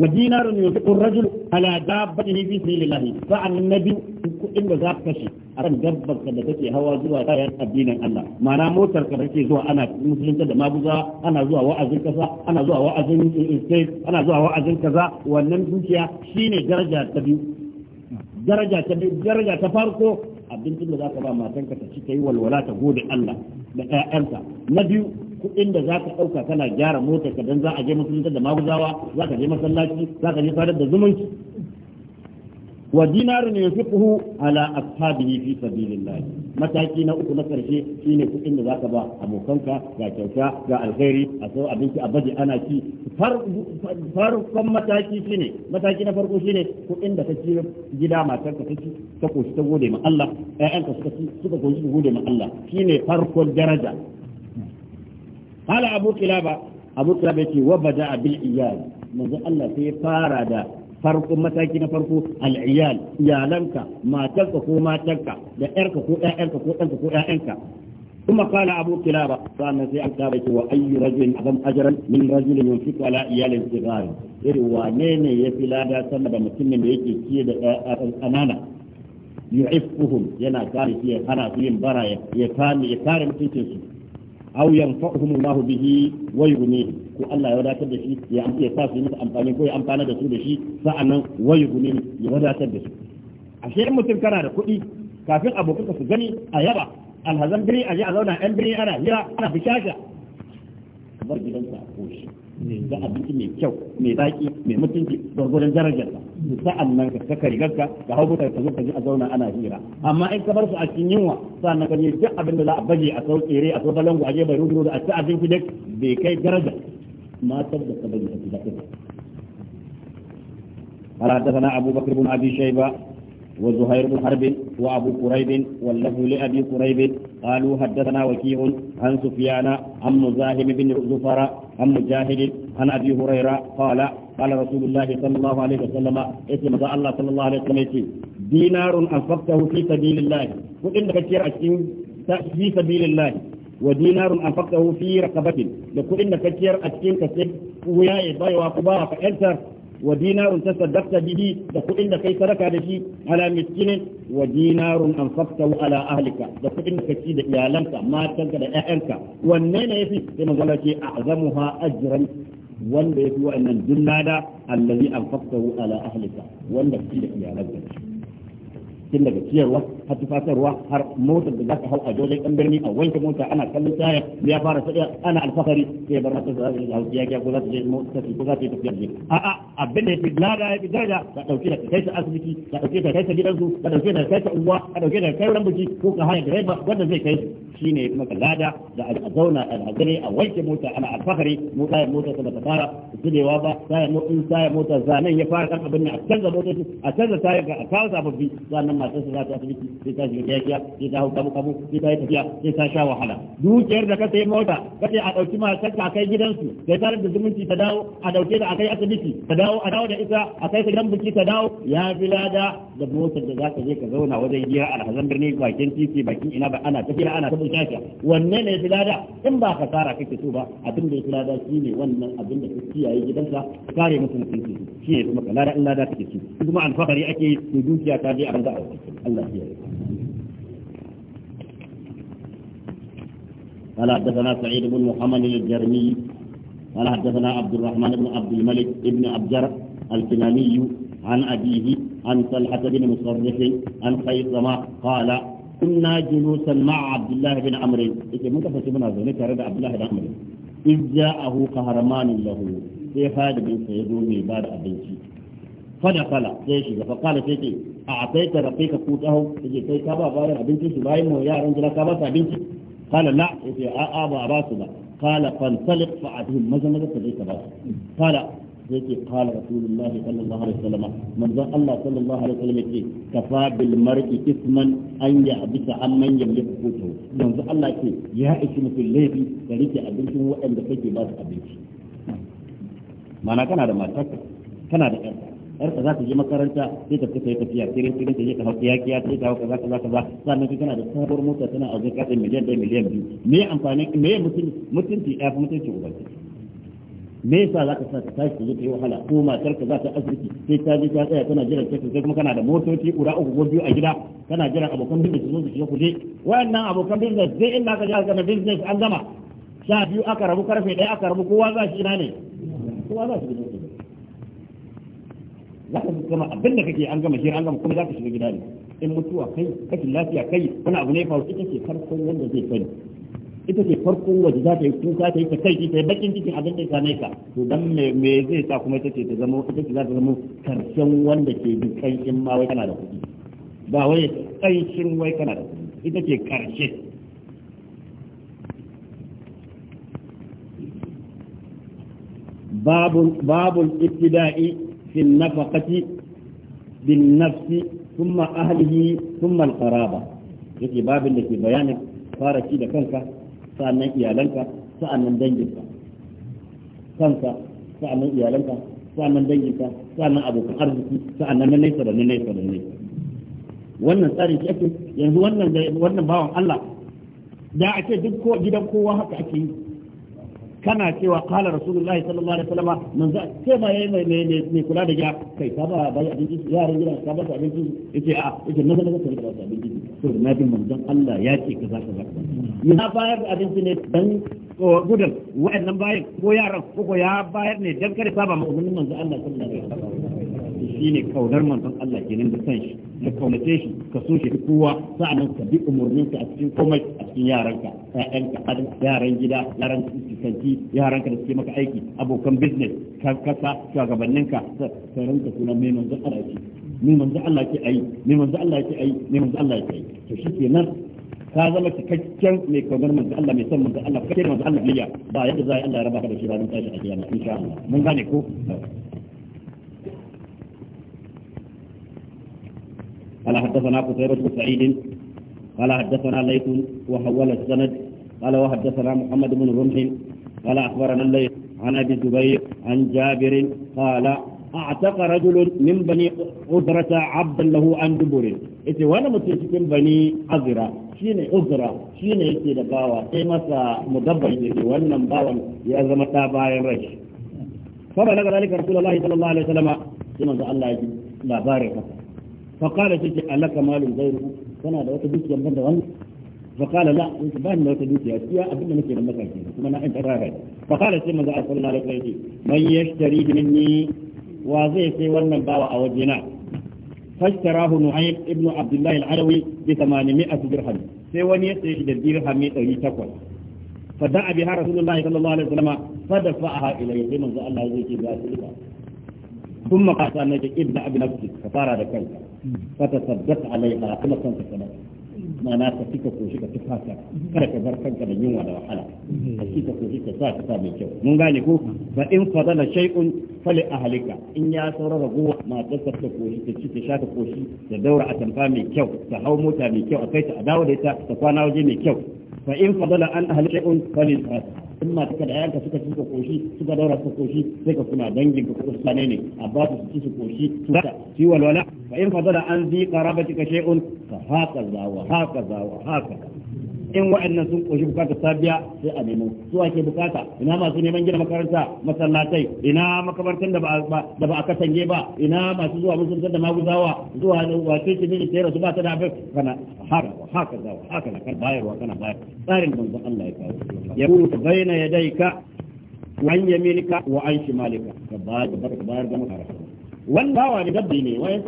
ودينار ينفق الرجل على دابته في سبيل الله فعن النبي كل da za ka kashe akan dabbar da take hawa zuwa kayan addinin Allah ma'ana motar ka kake zuwa ana musulunta da maguza ana zuwa wa'azin kasa ana zuwa wa'azin state ana zuwa wa'azin kaza wannan dukiya shine daraja ta biyu daraja ta biyu abincin da za ka ba matanka ta ci ta yi walwala ta gode Allah da ƴaƴanta na biyu kuɗin da za ka ɗauka kana gyara mota ka don za a je musulunta da maguzawa za ka je masallaci za ka je sadar da zumunci wa dinarin ne fi kuhu ala ashabihi fi sabilillah mataki na uku na karshe shine kuɗin da zaka ba abokanka ga kyauta ga alkhairi a sau abinci a baje ana ci farkon mataki shine mataki na farko shine kuɗin da kake gida matar ka kake ta koshi ta gode ma Allah ƴaƴanka suka ci gode ma Allah shine farkon daraja قال أبو كلابة أبو كلابة وبدأ بالعيال من الله في فاردا farkon mataki na farko al'iyal iyalanka matarka ko matarka da yarka ko ƴaƴanka ko ɗanka ko ƴaƴanka kuma kala abu kilaba sannan sai an kaba wa ayyu rajulin azam ajran min rajulin yunfiqu ala iyalin sigari irin wane ne ya fi lada sama da mutumin da yake ciye da ƙanana yu'iffuhum yana kare shi ya hana su yin bara ya kare mutuncinsu aw yanfa'uhum Allah bihi wa yughnihim ko Allah ya wadatar da shi ya amfiye sa su musu amfani ko ya amfana da su da shi sa'annan wa yughnihim ya wadatar da su ashe in mutum kana da kuɗi kafin ka su gani a yaba alhazan biri a a zauna yan biri ana hira ana bishasha bar gidansa a koshi ga abinci mai kyau mai zaki mai mutunci gwargwadon darajar sa'an nan ka saka rigarka ka hau ka zo ka ji a zauna ana hira amma in ka bar su a cikin yunwa sa'an nan ka ne duk abin da za a baje a sauke rai a so balangu a je bai rubuta a ci abinci duk bai kai daraja matar da ka baje a cikin قال حدثنا أبو abubakar bin abi شيبة وزهير بن حرب وابو كريب واللفظ لابي كريب قالوا حدثنا وكيع عن سفيان عن مزاحم بن زفر عن مجاهد عن ابي هريره قال قال رسول الله صلى الله عليه وسلم اسم الله صلى الله عليه وسلم دينار انفقته في سبيل الله وان كثير في سبيل الله ودينار انفقته في رقبه لكن كثير اتين كسب وياي باي وقبا فانت wa ta tasaddaqta bihi da kuɗin da kai sadaka da shi ala miskinin wa dinarun anfaqta ala ahlika da kuɗin da kaci da iyalanka matanka da ƴaƴanka wanne ne yafi sai manzo Allah ce a'zamuha ajran wanda yafi wa'annan dullada allazi anfaqtahu ala ahlika wanda kaci da iyalanka tun daga ciyarwa har tufatarwa har motar da za ka hau a jojen ɗan birni a wanke mota ana kallon taya ya fara saɗa ana alfahari sai bar mata za ta hau ya ko za ta je mota ko za ta yi tafiya je a a abin da ya fi lada ya fi daraja ka ɗauke da kai ta asibiti ka ɗauke da kai ta gidansu ka ɗauke da kai ta unguwa ka ɗauke da kai wurin buki ko ka haya direba wanda zai kai shi ne maka lada da a zauna a hazare a wanke mota ana alfahari mu ya mota ta fara zubewa ba tayar mota mota zanen ya fara kan abin a canza motoci a canza tayar ga a kawo sababbi sannan matarsa za ta asibiti sai ta shiga yakiya sai ta hau kabu sai ta yi tafiya sai ta sha wahala dukiyar da ka sai mota ka ce a ɗauki matar ka kai gidansu sai ta da zumunci ta dawo a ɗauke da a kai asibiti ta dawo a dawo da ita a kai ta gidan biki ta dawo ya fi lada da motar da za ka je ka zauna wajen giya alhazan birni bakin titi bakin ina ba ana tafiya ana tafiya shasha wanne ne fi lada in ba ka tsara kake so ba abin da ya fi lada shi ne wannan abin da ka kiyaye gidansa kare mutum mutunci shi ne kuma lada in lada kake so kuma alfahari ake yi dukiya ta je a banza a الله قال حدثنا سعيد بن محمد الجرمي قال حدثنا عبد الرحمن بن عبد الملك بن الجر الكناني عن أبيه عن طلحة بن مصرح عن خيثمة قال كنا جلوسا مع عبد الله بن عمرو إذا من كفت عبد الله بن عمرو إذ جاءه قهرمان له sai هذا بن سيدوني ya zo fadakala sai shi fa kala sai ce a sai ta rafe ka ku taho sai kai ka ba bayan abincin su bayan mu yaran jira ka ba su abinci kala la sai a a ba ba su ba kala fantalik fa adhim maza maza ka je ka ba su kala yake kala rasulullahi sallallahu alaihi wasallam manzon Allah sallallahu alaihi wasallam yake kafa bil mar'i isman an ya abisa an man yamliku kuto manzon Allah yake ya ishi mutum laifi da rike abincin waɗanda kake ba su abinci mana kana da matarka kana da ƴarka yarka za ta je makaranta sai ta fita tafiya tirin tirin ta je ta hau kiyakiya sai ta hau kaza kaza kaza sannan ka kana da sabuwar mota tana a zai kasa miliyan ɗaya miliyan biyu me amfani me mutunci ya fi mutunci ubanci me yasa za ka sa ta tashi ta je ta yi wahala ko matar ka za ta asibiti sai ta je ta tsaya tana jiran kai kuma kana da motoci ura uku ko biyu a gida kana jiran abokan business su zo su shiga kuje wayannan abokan business zai in ka ji aka na business an gama sha biyu aka rabu karfe ɗaya aka rabu kowa za shi ina ne kowa za shi za ka gama abin da kake an gama shi an gama kuma za ka shiga gida ne in mutuwa kai kashin lafiya kai wani abu ne faru ita ce farkon wanda zai sani ita ce farkon waje za ta yi kuka ta yi ta kai ta yi bakin cikin abin da same ka to dan me me zai sa kuma ita ce ta zama ita ce za ta zama karshen wanda ke bi kai in ma wai kana da kuɗi ba wai kanshin wai kana da kuɗi ita ce karshe babul babul ibtida'i في النفقة بالنفس ثم أهله ثم القرابة yake babin da ke bayanin fara ci da kanka sa'annan iyalanka sa'annan danginka kanka sa'annan iyalanka abokan arziki أرضك na من da من nesa من wannan tsarin shi ake yanzu wannan wannan bawan Allah da ake duk gidan kowa haka ake yi kana cewa qala rasulullahi sallallahu alaihi wasallam manzo sai ma yayi mai mai mai kula da ya kai ka ba bai abinci yaran gidan ka ba abinci yace a yace na zama ka ba abinci to na bin manzon Allah ya ce kaza kaza ya bayar da abinci ne dan gudun wa'annan bayan ko yaran ko ya bayar ne dan kada saba ma Allah sallallahu alaihi wasallam shi ne kaunar manzon Allah kenan da san shi ka kaunace shi ka so shi kowa sa'annan ka bi umurninka a cikin komai a cikin yaranka ƴaƴanka yaran gida yaran kanti yaranka da suke maka aiki abokan business ka kasa shugabanninka ka ka sunan mai manzon Allah ke mai manzon Allah ke ayi mai manzon Allah ke ayi mai manzon Allah ke ayi to shikenan ka zama cikakken mai kaunar manzo Allah mai son manzo Allah kake manzo Allah biya ba yadda za a yi Allah ya raba ka da shi ba ranar tashi a kiyama insha Allah mun gane ko قال حدثنا قتيبة بن سعيد قال حدثنا ليث وحول السند قال وحدثنا محمد بن رمح قال أخبرنا الليث عن أبي الزبير عن جابر قال اعتق رجل من بني عذرة عبدا له عن دبر yace wani mutum cikin bani azira shine uzra shine yake da bawa sai masa mudabbar yake wannan bawan ya zama ta bayan rai fa ba daga zalika rasulullahi sallallahu alaihi wasallam sai manzo Allah ya ji labarin فقال تجي ألك مال غيره كان لو تبيت يا بند وان فقال لا انت بان لو تبيت يا يا ابن لك لما كان كما انا انت راغب فقال سيما صلى الله عليه وسلم من يشتري مني وزي سي wannan bawa a wajena فاشتراه نعيم ابن عبد الله العلوي ب 800 درهم sai wani ya tsaye da dirhami 800 fada abi har rasulullahi sallallahu alaihi wasallam fadafa ila yadi manzo Allah zai ce ba su ثم قال أنك ابن أبي نفسك فطار لكي فتصدق عليها كما كنت سمعت ما ناس فيك كوشك تفاكا كرك بركك من يوم ولا وحلا فيك كوشك ساك سامي كو من ذلك فإن فضل شيء فلأهلك إن يا سورة رغوة ما تصدق كوشك تشيك شاك كوشي تدور أتنفامي كو تحومو تامي كو أكيت أداولي تفانا وجيني كو fa in fadala an ahli shay'un falil in ma suka da yanka suka cika koshi suka daura suka koshi sai ka kuna dangin ka kuma sane ne a su ci su koshi su ta ci walwala fa in fadala an zi qarabatika shay'un fa haka za haka in wa'annan sun koshi bukata ta biya sai a nemo su ake bukata ina masu neman gina makaranta masallatai ina makabartan da ba da ba a katange ba ina masu zuwa musu da maguzawa zuwa wace ce ne tsere su ba ta da bai kana har haka da haka na kan bayarwa kana bayar tsarin manzon Allah ya kawo ya kuru bayna ka wa an yaminika wa an shimalika ka bayar da bayar da makaranta wannan bawa ne dabbi ne wayan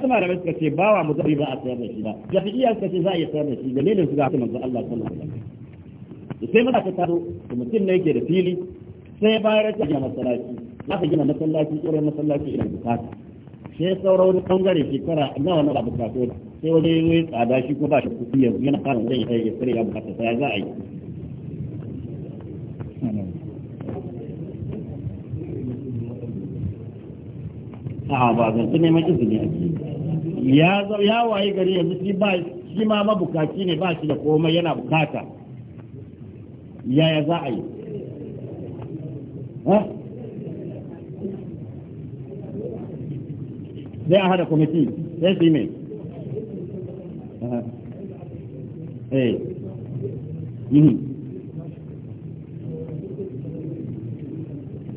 suna da suka ce bawa mu dabbi ba a sayar da shi ba jafi'iya suka ce za a iya sayar da shi dalilin su ga haka manzo Allah sallallahu alaihi wasallam sai mata ta tado mutum ne yake da fili sai bayar ta gina masallaci za ka gina masallaci irin masallaci irin bukata sai saura wani bangare shekara nawa na bukatu sai wani tsada shi ko ba shi kuɗi yanzu yana fara wajen ya sai ya bukata sai za a yi a ba zan neman izini a ya ya waye gari yanzu shi ba shi ma mabukaci ne ba shi da komai yana bukata yaya za a yi sai a hada kwamiti sai su yi mai eh mhm.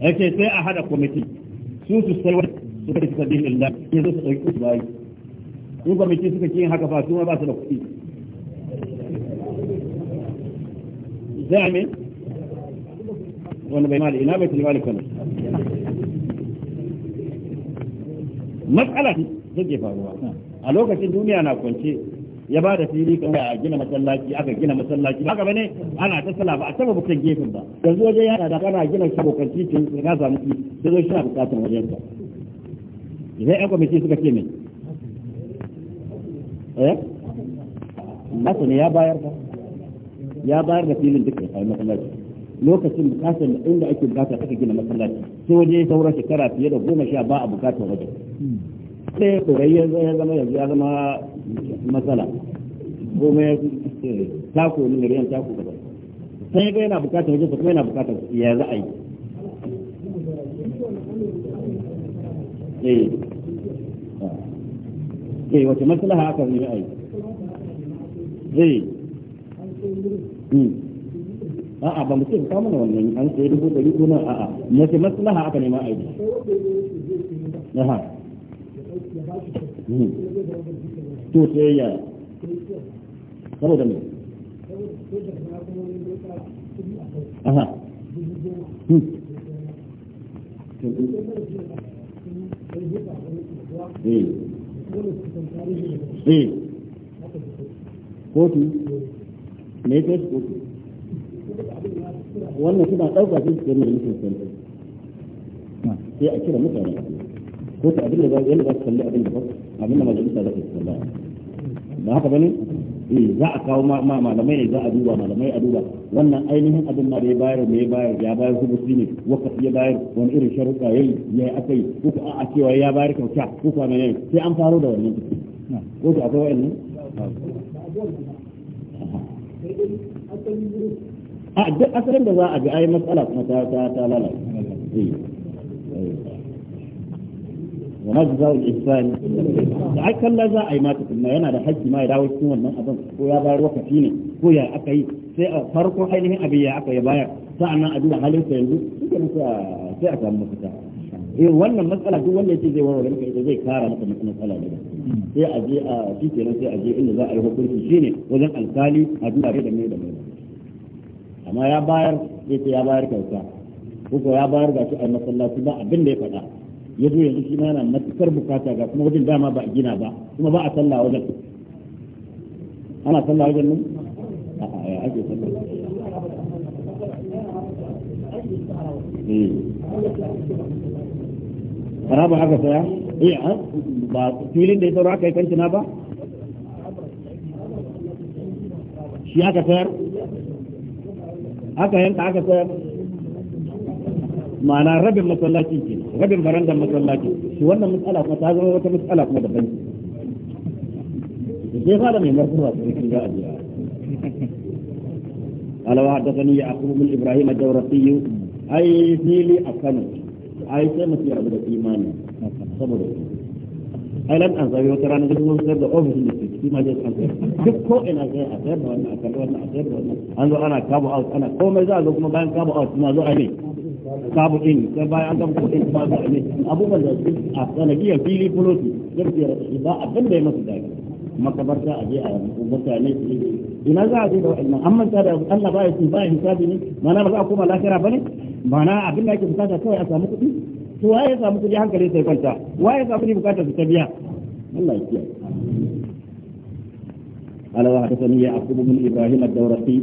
yake sai a hada kwamiti su su sai suka yi sabbin da ya zai su ɗauki su bayi in kwamiti suka ci haka fa su ma ba su da kuɗi za a me wanda bai mali ina bai tulmali kwanu matsala take faruwa a lokacin duniya na kwance ya ba da fili kan a gina masallaci aka gina masallaci haka bane ana ta sala ba a taba bukan gefen ba yanzu waje yana da kana gina shabokan titin ka samu ki sai zo shi na bukatar wajen ka zai yan kwamiti suka ce mai eh masu ne ya bayar ba ya bayar da filin duka a masallaci lokacin bukatar da inda ake bukatar aka gina masallaci sai waje saura shekara fiye da goma sha ba a bukatar wajen sai tsorai ya zama ya zama matsala goma ya eh, tako ne riyan tako gaba sai ga yana bukatar wajen kuma yana bukatar ya za a yi eh eh wace maslaha aka yi ai eh a'a ba mu ce ka mana wannan an sai dubu dari ko nan a'a mace maslaha aka nema aiki hmm. to sai ya saboda me aha hmm. Eh. eh kotu me kai kotu wannan suna ɗauka sai su kai mai mutum santa sai a kira mutane kotu abin da za su kalli abin da ba abin da majalisa za su kalli ba haka bane eh za a kawo ma malamai ne za a duba malamai a duba wannan ainihin abin da ya bayar ne ya bayar ya bayar hubusi ne waka ya bayar wani irin sharuɗa yayi ya yi ko a cewa ya bayar kyauta ko kuma ne sai an faro da wannan ko to akwai ne. a duk asalin da za a ga ai matsala kuma ta ta lalace eh. wa ma jazaa'ul ihsan da ai kalla za a yi mata kuma yana da haƙƙi ma ya dawo cikin wannan ko ya bayar wakati ne ko ya aka yi sai a farko ainihin abin ya aka ya bayar ana a duba halin sa yanzu sai a samu mafita eh wannan matsala duk zai warware maka ita zai kara maka matsala ne sai a je a shi kenan sai a je inda za a yi hukunci shine wajen alkali a duba da mai da amma ya bayar sai ya bayar kyauta ko ya bayar gashi a masallaci ba abin da ya faɗa ya zo yanzu shi yana matukar bukata ga kuma wajen dama ba a gina ba kuma ba a sallah wajen ana sallah wajen nan a ya ake sallah Haraba eh. haka saya? Iya, eh, ba filin da ya sauro aka yi kancina ba? Shi aka sayar? Aka yanka aka sayar? Ma'ana rabin masallaci ke غدن برنجا مسلاتي شو ولا مسألة ما تعزم ولا مسألة ما تبين الشيخ هذا من مرفوع في كل جاهز قال وحدثني يعقوب بن ابراهيم الجورقي اي سيلي افنو اي في عبد الايمان صبروا أي لن أنزل يوتر أنا جدو مصر دو أوفر لسي في مجلس أنزل جب كو إن أزل أزل وأنا أزل وأنا أزل وأنا أنزل أنا كابو أوت أنا كو مزال لو كما بان كابو أوت ما زو أمين babu din sai bayan an gama kudin kuma za a ne abubuwan da su a sanadiyar fili fuloti gaskiyar ba abin da ya masu dadi makabarta a je a mutane su yi ina za a je da wa'annan an manta da Allah ba ya su ba ya hisabi ne mana ba za a koma lafiya ba ne mana abin da ake bukata kawai a samu kuɗi to waye ya samu kuɗi hankali sai kwanta waye ya samu bukata su ta biya Allah ya kiyaye قال وحدثني يعقوب بن ابراهيم الدورقي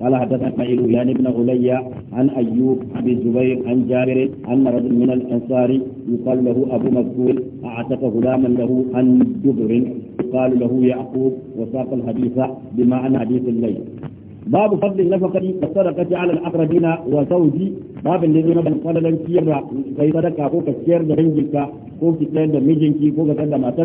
قال حدثنا إلويان بن علي عن أيوب أبي زبير عن جابر أن رجل من الأنصار يقال له أبو مذكور أعتق غلاما له عن جبر يقال له يعقوب وساق الحديث بمعنى حديث الليل باب فضل النفقة والصدقة على الأقربين وزوجي باب الذي نبن قدلا كيرا كي صدقة فوق السير دهنجلك فوق السير دمجنك فوق السير دماتك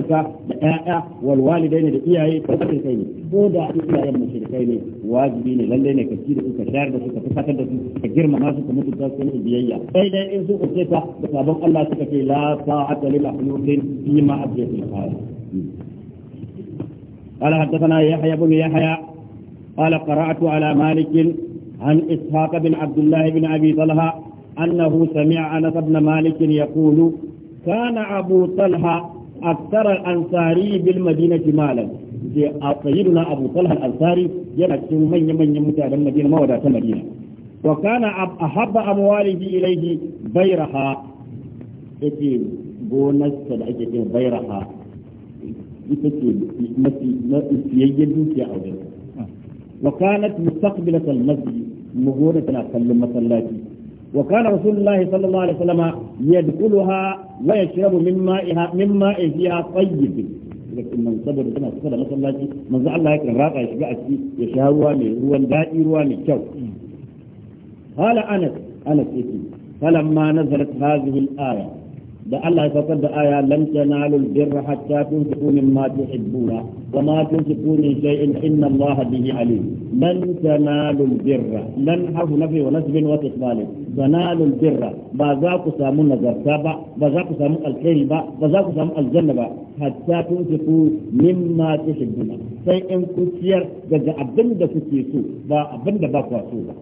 دقاء والوالدين دقيعي فوق السير بودا إلا يا مشركين واجبين للين كثير فوق السير السير دسوك فساك دسوك كجير مناسك مدد دسوك بيئيا فإذا السير قصيتا بسابق الله سكتي لا طاعة للمخلوق فيما أبدأ في الخارج قال حدثنا يحيى بن يحيى قال قرأت على مالك عن إسحاق بن عبد الله بن أبي طلحة أنه سمع أنس بن مالك يقول كان أبو طلحة أكثر الأنصاري بالمدينة مالا سيدنا أبو طلحة الأنصاري يبكي من يمن يمتع المدينة ما ودعت المدينة وكان أحب أمواله إليه بيرها يتي بونس سدعك بيرها يتي مسيحيين دوكي أو دوكي وكانت مستقبلة المسجد مهورة أقل مسلاتي وكان رسول الله صلى الله عليه وسلم يدخلها ويشرب من مائها من ماء فيها طيب لكن من صبر كما صبر مسلاتي من زعل الله يكره راقع يشبع يشهى رواني روان هو الدائر كو قال أنس أنس إتي فلما نزلت هذه الآية ده الله يتصدى آية لن تنالوا البر حتى تنفقوا مما تحبون وما تنفقوا من شيء إن الله به عليم لن تنالوا البر لن حرف نفي ونسب وتقبال تنالوا البر بذاك سامو نزرتا با بذاك سامو الخير با بذاك سامو الجنة با حتى تنفقوا مما تحبون sai in kuciyar daga abin da kuke so ba abin da ba kwa so ba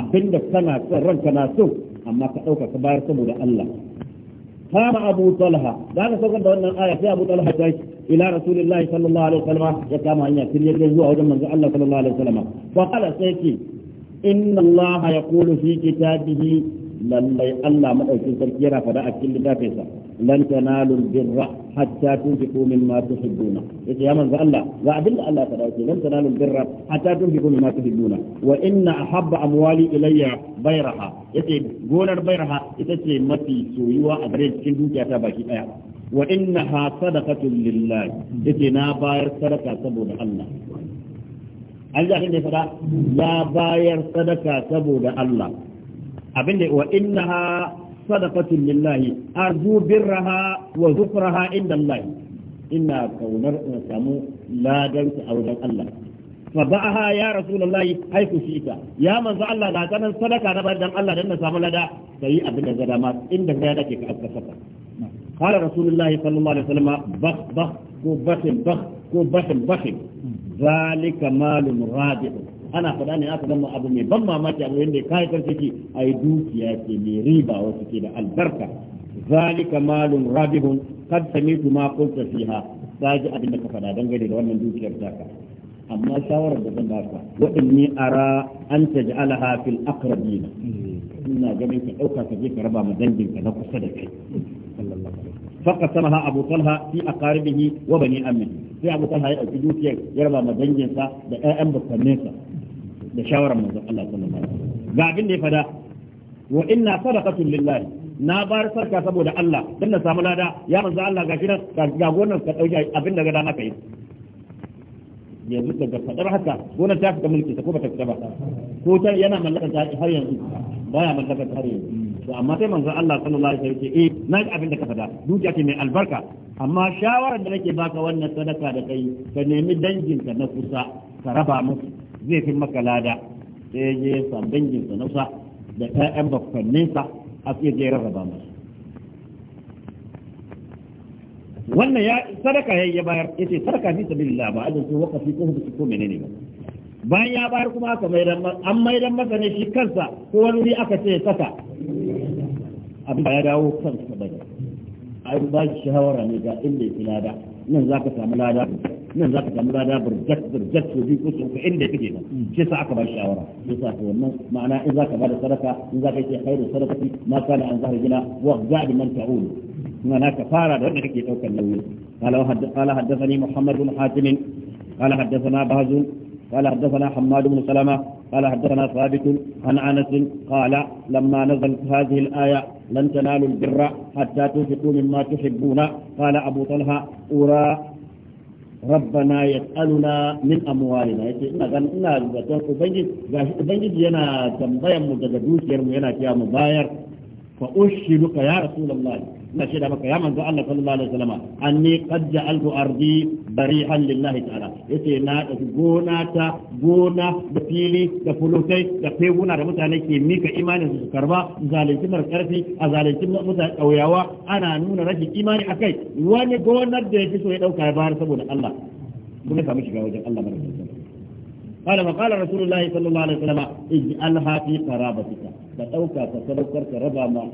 abin da kana son ranka na so amma ka ɗauka ka bayar saboda Allah قام ابو طلحه قال سوكن ده wannan aya sai abu talha ya kai ila rasulullahi sallallahu alaihi ya kama hanya kin zuwa wajen manzo Allah sallallahu alaihi wasallam fa qala lallai Allah madaukin sarki yana fada a cikin littafinsa lan tanalul birra hatta tunfiqu mimma tuhibbuna yace ya manzo Allah ga abin da Allah ya fada yake lan tanalul birra hatta tunfiqu mimma tuhibbuna wa inna ahabba amwali ilayya bayraha yace gonar bayraha ita ce mafi soyuwa a gare cikin dukiyata baki daya wa innaha sadaqatun lillahi yace na bayar sadaka saboda Allah an ji abin da ya faɗa ya bayar sadaka saboda Allah abin da wa inna ha sadaqatun lillahi wa zufraha inda Allah inna kaunar na samu ladan ta auren Allah fa ba'aha ya rasulullahi haiku shi ita ya manzo Allah da kanan sadaka na bar dan Allah dan na samu lada sai abinda da zada ma inda ga yake ka afkasa qala rasulullahi sallallahu alaihi wasallam bakh bakh ko bakh bakh ko bakh bakh hmm. zalika malun rabi'un ana faɗa ne aka zama abu mai ban mamaki abu yadda ya kayi karfi ke a yi dukiya ke mai riba wasu ke da albarka zalika malun rabihun kad samitu ma qulta fiha saji abin da ka faɗa dangane da wannan dukiyar taka amma shawarar da zan baka ni ara an taj'alaha fil aqrabina ina ganin ka ɗauka ka je ka raba ma dangin ka na kusa da kai fakat sama ha abu talha fi aqaribihi wa bani amin sai abu talha ya dauki dukiya ya raba da ƴaƴan bukkanin sa da shawaran manzon ga abin da ya fada wa inna sadaqatu lillah na bar sarka saboda Allah dan na samu lada ya manzo Allah ga kiran ga gonar ka dauki abin da ga dama kai yanzu daga fadar haka gonar ta fita mulki ta ko bata fita ba ko ta yana mallakar ta har yanzu baya mallakar ta har yanzu to amma sai manzon Allah sallallahu alaihi wasallam eh na abin da ka fada dukiya ce mai albarka amma shawarar da nake baka wannan sadaka da kai ka nemi ka na kusa ka raba musu zai fi maka lada sai je san ka na kusa da ƴaƴan bakwanninsa a sai je rarraba musu wannan ya sadaka ya yi bayar ce sadaka fi sabilillah ba ajin ko wakafi ko hukunci ko menene ba bayan ya bayar kuma aka mai an mai dan masa ne shi kansa ko wani wuri aka ce saka abin ya dawo kansa ba ai ba shi shawara ne ga inda yake lada nan za ka samu lada nan za ka samu lada burjat burjak ko biyu ko ko inda fi nan shi yasa aka ba shi shawara shi yasa ka wannan ma'ana in za ka ba da sadaka in za ka yi khairu sadaka ma kana an zahar gina wa gadi man ta'ulu هنا كفارة لأنك يتوقع النوي قال, قال حدثني محمد بن حاتم قال حدثنا بهز قال حدثنا حماد بن سلمة قال حدثنا ثابت عن أنس قال لما نزلت هذه الآية لن تنالوا البر حتى تنفقوا مما تحبون قال أبو طلحة أرى ربنا يسألنا من أموالنا إن كان إن البطن أبنجد أبنجد ينا تنبيا مجددوش يرمينا ينا كيا مباير فأشهدك يا رسول الله ina shaida maka ya manzo Allah sallallahu alaihi wasallam anni qad ja'altu ardi barihan lillahi ta'ala yace na da gona ta gona da fili da fulutai da feguna da mutane ke mika imanin su karba zalunci mar karfi a zalunci mutane kauyawa ana nuna rashin imani akai wani gonar da yake so ya dauka ya bayar saboda Allah kuma samu shiga wajen Allah madaukakin قال فقال رسول الله صلى الله عليه وسلم اجعلها في قرابتك فتوكا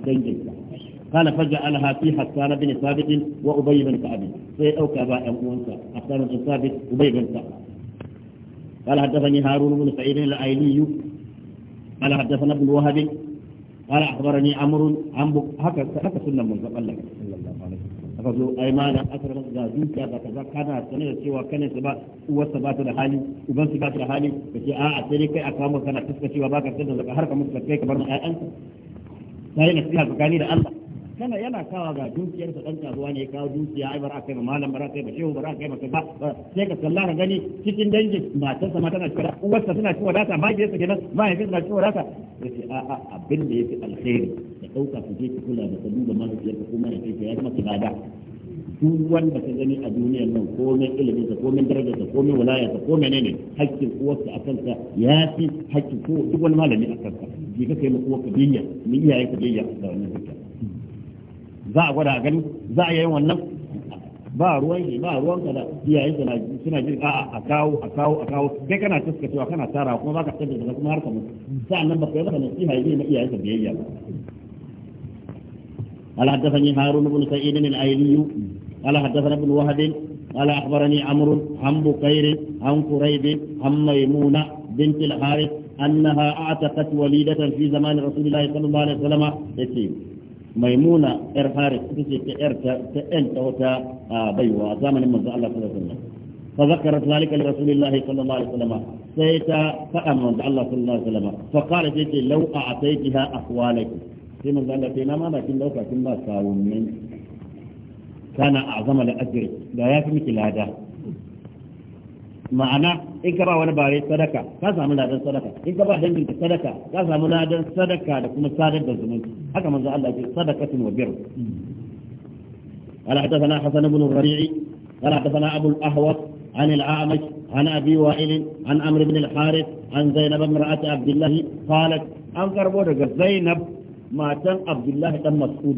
قال فجعلها في حسان بن ثابت وأبي بن كعب سيأوكى باء أنسى حسان بن ثابت أبي بن كعب قال حدثني هارون بن سعيد الأيلي قال حدثنا ابن وهب قال أخبرني عمرو عن هكذا هكذا سنة من قال لك aka zo ai malam asar ga zuciya ba kaza da cewa kana ba uwarsa ba da hali uban su da hali ka ce a'a sai dai kai a kama kana fuska cewa baka sanar da ka da Allah kana yana kawa ga dukiyarsa dan kasuwa ne kawo dukiya ai bara kai malam bara kai shehu bara kai maka ba sai ka sallah ka gani cikin dangi matarsa ma tana uwar uwarsa tana cewa cikin wadata mahaifiyarsa kenan ya tana cewa data sai a a abin da yake alheri da dauka su je ku kula da sabu da mahaifiyarka ko mahaifiyarka ya zama kibada duk wanda ka gani a duniyar nan komai ilimin ka komai darajar ka komai walaya ka komai ne hakkin uwar uwarka akan ka ya fi hakkin ko duk wani malami akan ka ji ka kai uwar ka biyya ni iyaye ka biyya da wannan hujja za a gwada a gani za a yi wannan ba ruwan shi ba ruwan ka da iyayen suna suna jin a a kawo a kawo a kawo kai kana kana tara kuma baka tabbata da kuma har ka mutu sa'annan baka yi maka nasiha yi ma iyaye ka biyayya ba قال حدثني هارون بن سعيد الايلي قال حدثنا ابن وهب قال اخبرني عمرو عن بكير عن قريب عن ميمونه بنت الحارث انها اعتقت وليده في زمان رسول الله صلى الله عليه وسلم maimuna yar haris ita ce ta yar ta yan ta a baiwa zamanin manzo Allah sallallahu alaihi wasallam fa zakarat zalika li rasulillahi sallallahu alaihi wasallam sai ta faɗa manzo Allah sallallahu alaihi wasallam fa qala sai ce law a'taytiha ahwalakum sai manzo Allah sai na ma kin dauka kin ba sawunnin kana azama da ajri da ya fi miki lada ma'ana in ka ba wani bare sadaka ka samu ladan sadaka in ka ba dangin ka sadaka ka samu ladan sadaka da kuma sadar da zumunci haka manzo Allah ya wa birr حسن بن الربيع قال حدثنا ابو الاهوص عن الاعمش عن ابي وائل عن عمرو بن الحارث عن زينب امراه عبد الله قالت أنكر كربو زينب ما كان عبد الله تم مسؤول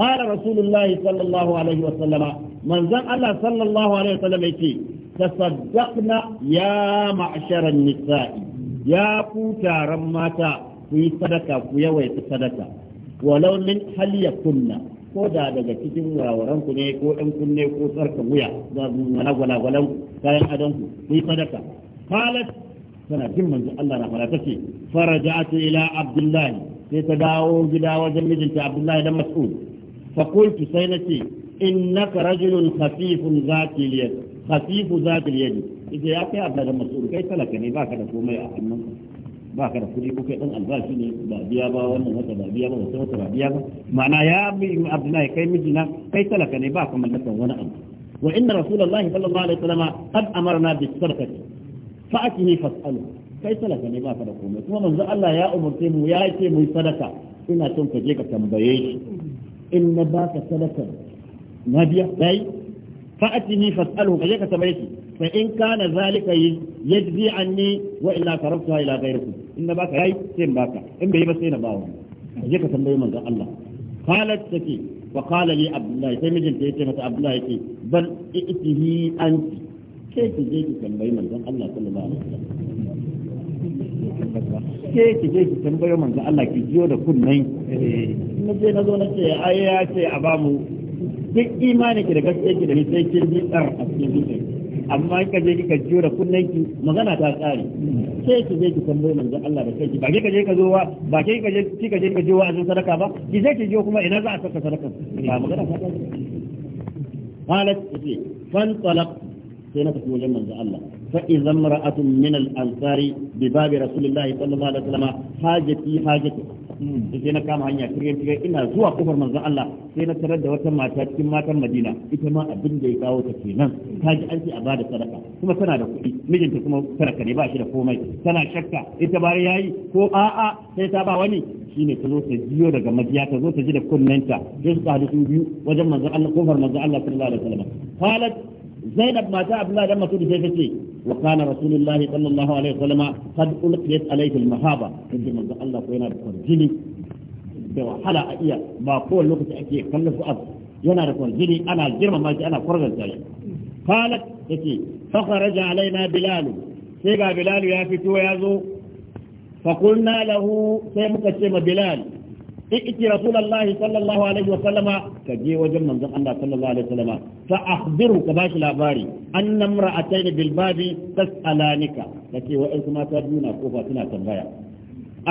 قال رسول الله صلى الله عليه وسلم من زعل الله صلى الله عليه وسلم يتي tasaddaqna ya ma'sharan nisa'i ya ku taron mata ku yi sadaka ku yawaita sadaka walau min kunna ko da daga cikin wuraren ku ne ko ɗan kunne ko tsarka wuya za su mana gwalagwalan kayan adon ku ku yi sadaka qalat tana jin manzo Allah na fara tace faraja'atu ila abdullahi sai ta dawo gida wajen mijinta abdullahi dan mas'ud fa qultu sai nace innaka rajulun khafifun zati liyad khasifu zatil yadi ita ya kai abda mas'ul kai talaka ne baka da komai a hannunka ba ka da kuɗi ko kai ɗan albashi ne ba biya ba wannan wata ba biya ba wata wata ba biya ba ma'ana ya bi abdullahi kai mijina kai talaka ne ba ka mallakan wani abu wa inna rasulullahi sallallahu alaihi wasallam qad amarna bi sadaqati fa'atihi fas'alu kai talaka ne ba ka da komai kuma manzo Allah ya umurce mu ya ce mu sadaka ina son ka je ka tambaye shi in na baka sadaka na biya dai فأتني فاسأله فجاك تبيتي فإن كان ذلك يجزي عني وإلا تركتها إلى غيركم إن باك هاي سين باك إن بهي بس إن باو فجاك تنبيه من الله قالت سكي وقال لي عبد الله سيما جلت يتمة عبد الله يتي بل ائته أنت كيف جيك تنبيه من الله صلى الله عليه وسلم ke ki je ki tambayo manzo Allah ki jiyo da kunnai na je na zo na ce ai ya ce a bamu duk imanin ki da gaskiya ki da ni sai kin bi tsar a cikin dukkan amma in ka je ki ka jura da kunnen ki magana ta tsari sai ki je ki tambaye manzo Allah da kanki ba ke ka je ka zo wa ba ke ka je ki ka je ka jiyo azin sadaka ba ki je ki zo kuma idan za a saka sadaka ba magana ta tsari قالت فانطلقت sai na tafi wajen manzo Allah fa idan mar'atun min al-ansari bi babi rasulullah sallallahu alaihi wasallam hajati hajati hmm. sai na kama hanya kiriyar kiriyar ina zuwa kofar manzo Allah sai na tarar da wata mata cikin matan Madina ita ma abin da ya kawo ta kenan ta ji an ce a bada sadaka kuma tana da kuɗi mijinta kuma sadaka ne ba shi da komai tana shakka ita bare yayi ko a'a sai ta ba wani shine ta zo ta jiyo daga majiya ta zo ta ji da kunnenta sai su hadu biyu wajen manzo Allah kofar manzo Allah sallallahu alaihi wasallam zainab mata abdullahi dan masud sai tace wa kana rasulullahi sallallahu alaihi wasallam qad ulqiyat alayhi almahaba inda manzo Allah ko yana da farjini da wahala a iya ba kowane lokaci ake kallon su abu yana da farjini ana girmama shi ana kwarganta shi qalat da fa kharaja alaina bilal sai ga bilal ya fito ya zo sai muka ma bilal ائتي رسول الله صلى الله عليه وسلم كجي وجن من الله صلى الله عليه وسلم فأخبره كباش الأباري أن امرأتين بالباب تسألانك لكي وإنكما تدون كوفا سنة تنبايا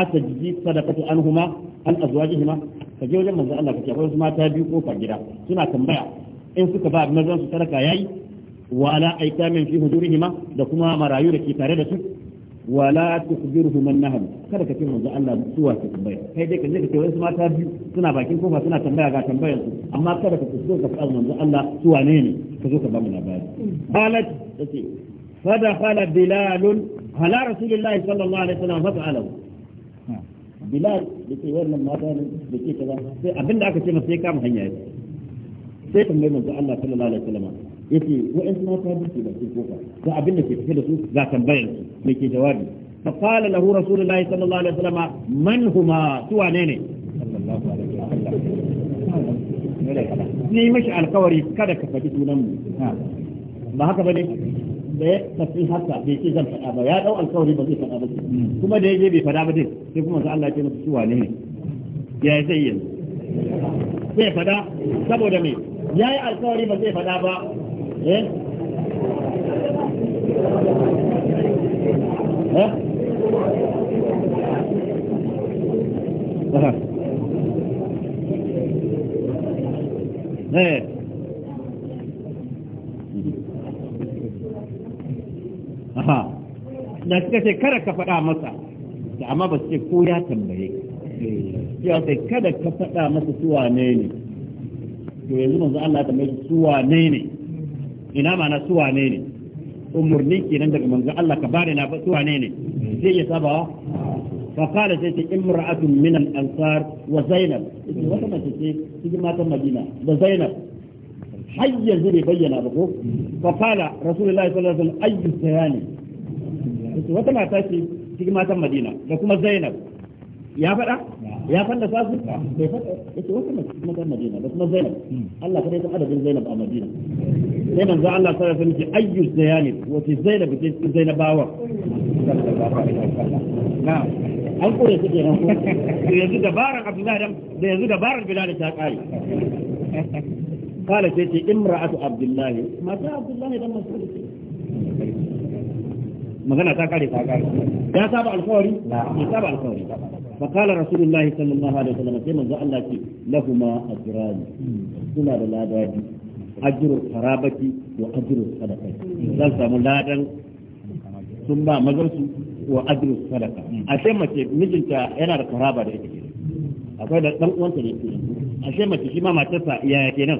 أتجزي صدقة عنهما عن أزواجهما كجي وجن من الله كجي وإنكما تدون كوفا جدا سنة تنبايا إن سكفا بمزان سرقا ياي وعلى أيتام في هجورهما دكما مرايو لكي تاردسك wala tukbiruhu man nahar kada ka ce manzo Allah suwa ta tambaya kai dai kaje je ka ce wasu mata biyu suna bakin kofa suna tambaya ga tambayar su amma kada ka kuskure ka faɗa manzo Allah suwa ne ne ka zo ka ba mu labari halat tace fadakhala bilal hala rasulullahi sallallahu alaihi wasallam alahu bilal dake wannan mata ne dake kaza sai abinda aka ce masa sai kama hanya sai tambayar manzo Allah sallallahu alaihi wasallam yake wa'in mata duki da su kofa ga abin da ke tafi da su za tambayar su mai ke jawabi fa qala lahu rasulullahi sallallahu alaihi wasallam man huma su wane ne sallallahu alaihi wasallam ni mashi alkawari kada ka faɗi sunan mu ba haka ba ne da ya tafi haka bai ce zan faɗa ba ya dau alkawari ba zai faɗa ba kuma da yaje bai faɗa ba din sai kuma Allah ya ce masa su wane ne ya zai yanzu zai faɗa saboda me yayi alkawari ba zai faɗa ba eh eh, eh. da suka ce kada ka faɗa masa da amma ba su ce ko ya tambaye Ya eh. sai kada ka faɗa masa suwa ne ne to yanzu manzo Allah ta mai suwa ne ne ina mana na suwa ne ne kenan daga manzo Allah ka bare na ba suwa ne ne sai ya saba fa qala sai ta imra'atu min al-ansar wa zainab ita wata mace ce cikin matan madina da zainab hayya zai bayyana ba ko fa qala rasulullahi sallallahu alaihi wasallam ayyu sayani ce cikin matan madina da kuma zainab ya faɗa? ya fallasa su bai fada yace wata mace kuma Madina da kuma Zainab hmm. Allah kada ya san adadin Zainab a Madina sai manzo Allah sallallahu alaihi ayyu zayani Zainab Zainabawa an kore su kenan yanzu dabaran Abdullahi da yanzu dabaran Bilal ta kare قالت امرأة عبد الله ما عبد الله لما magana ta kare ta kare ya saba alkawari ya saba alkawari fa kala rasulullahi sallallahu alaihi wasallam sai manzo Allah ce lahuma ajran suna da ladabi ajru karabati wa ajru sadaqa zan samu ladan sun ba mazarsu wa ajru sadaqa a sai mace mijinta yana da karaba da ita akwai da dan uwanta ne sai mace shi ma matarsa yaya kenan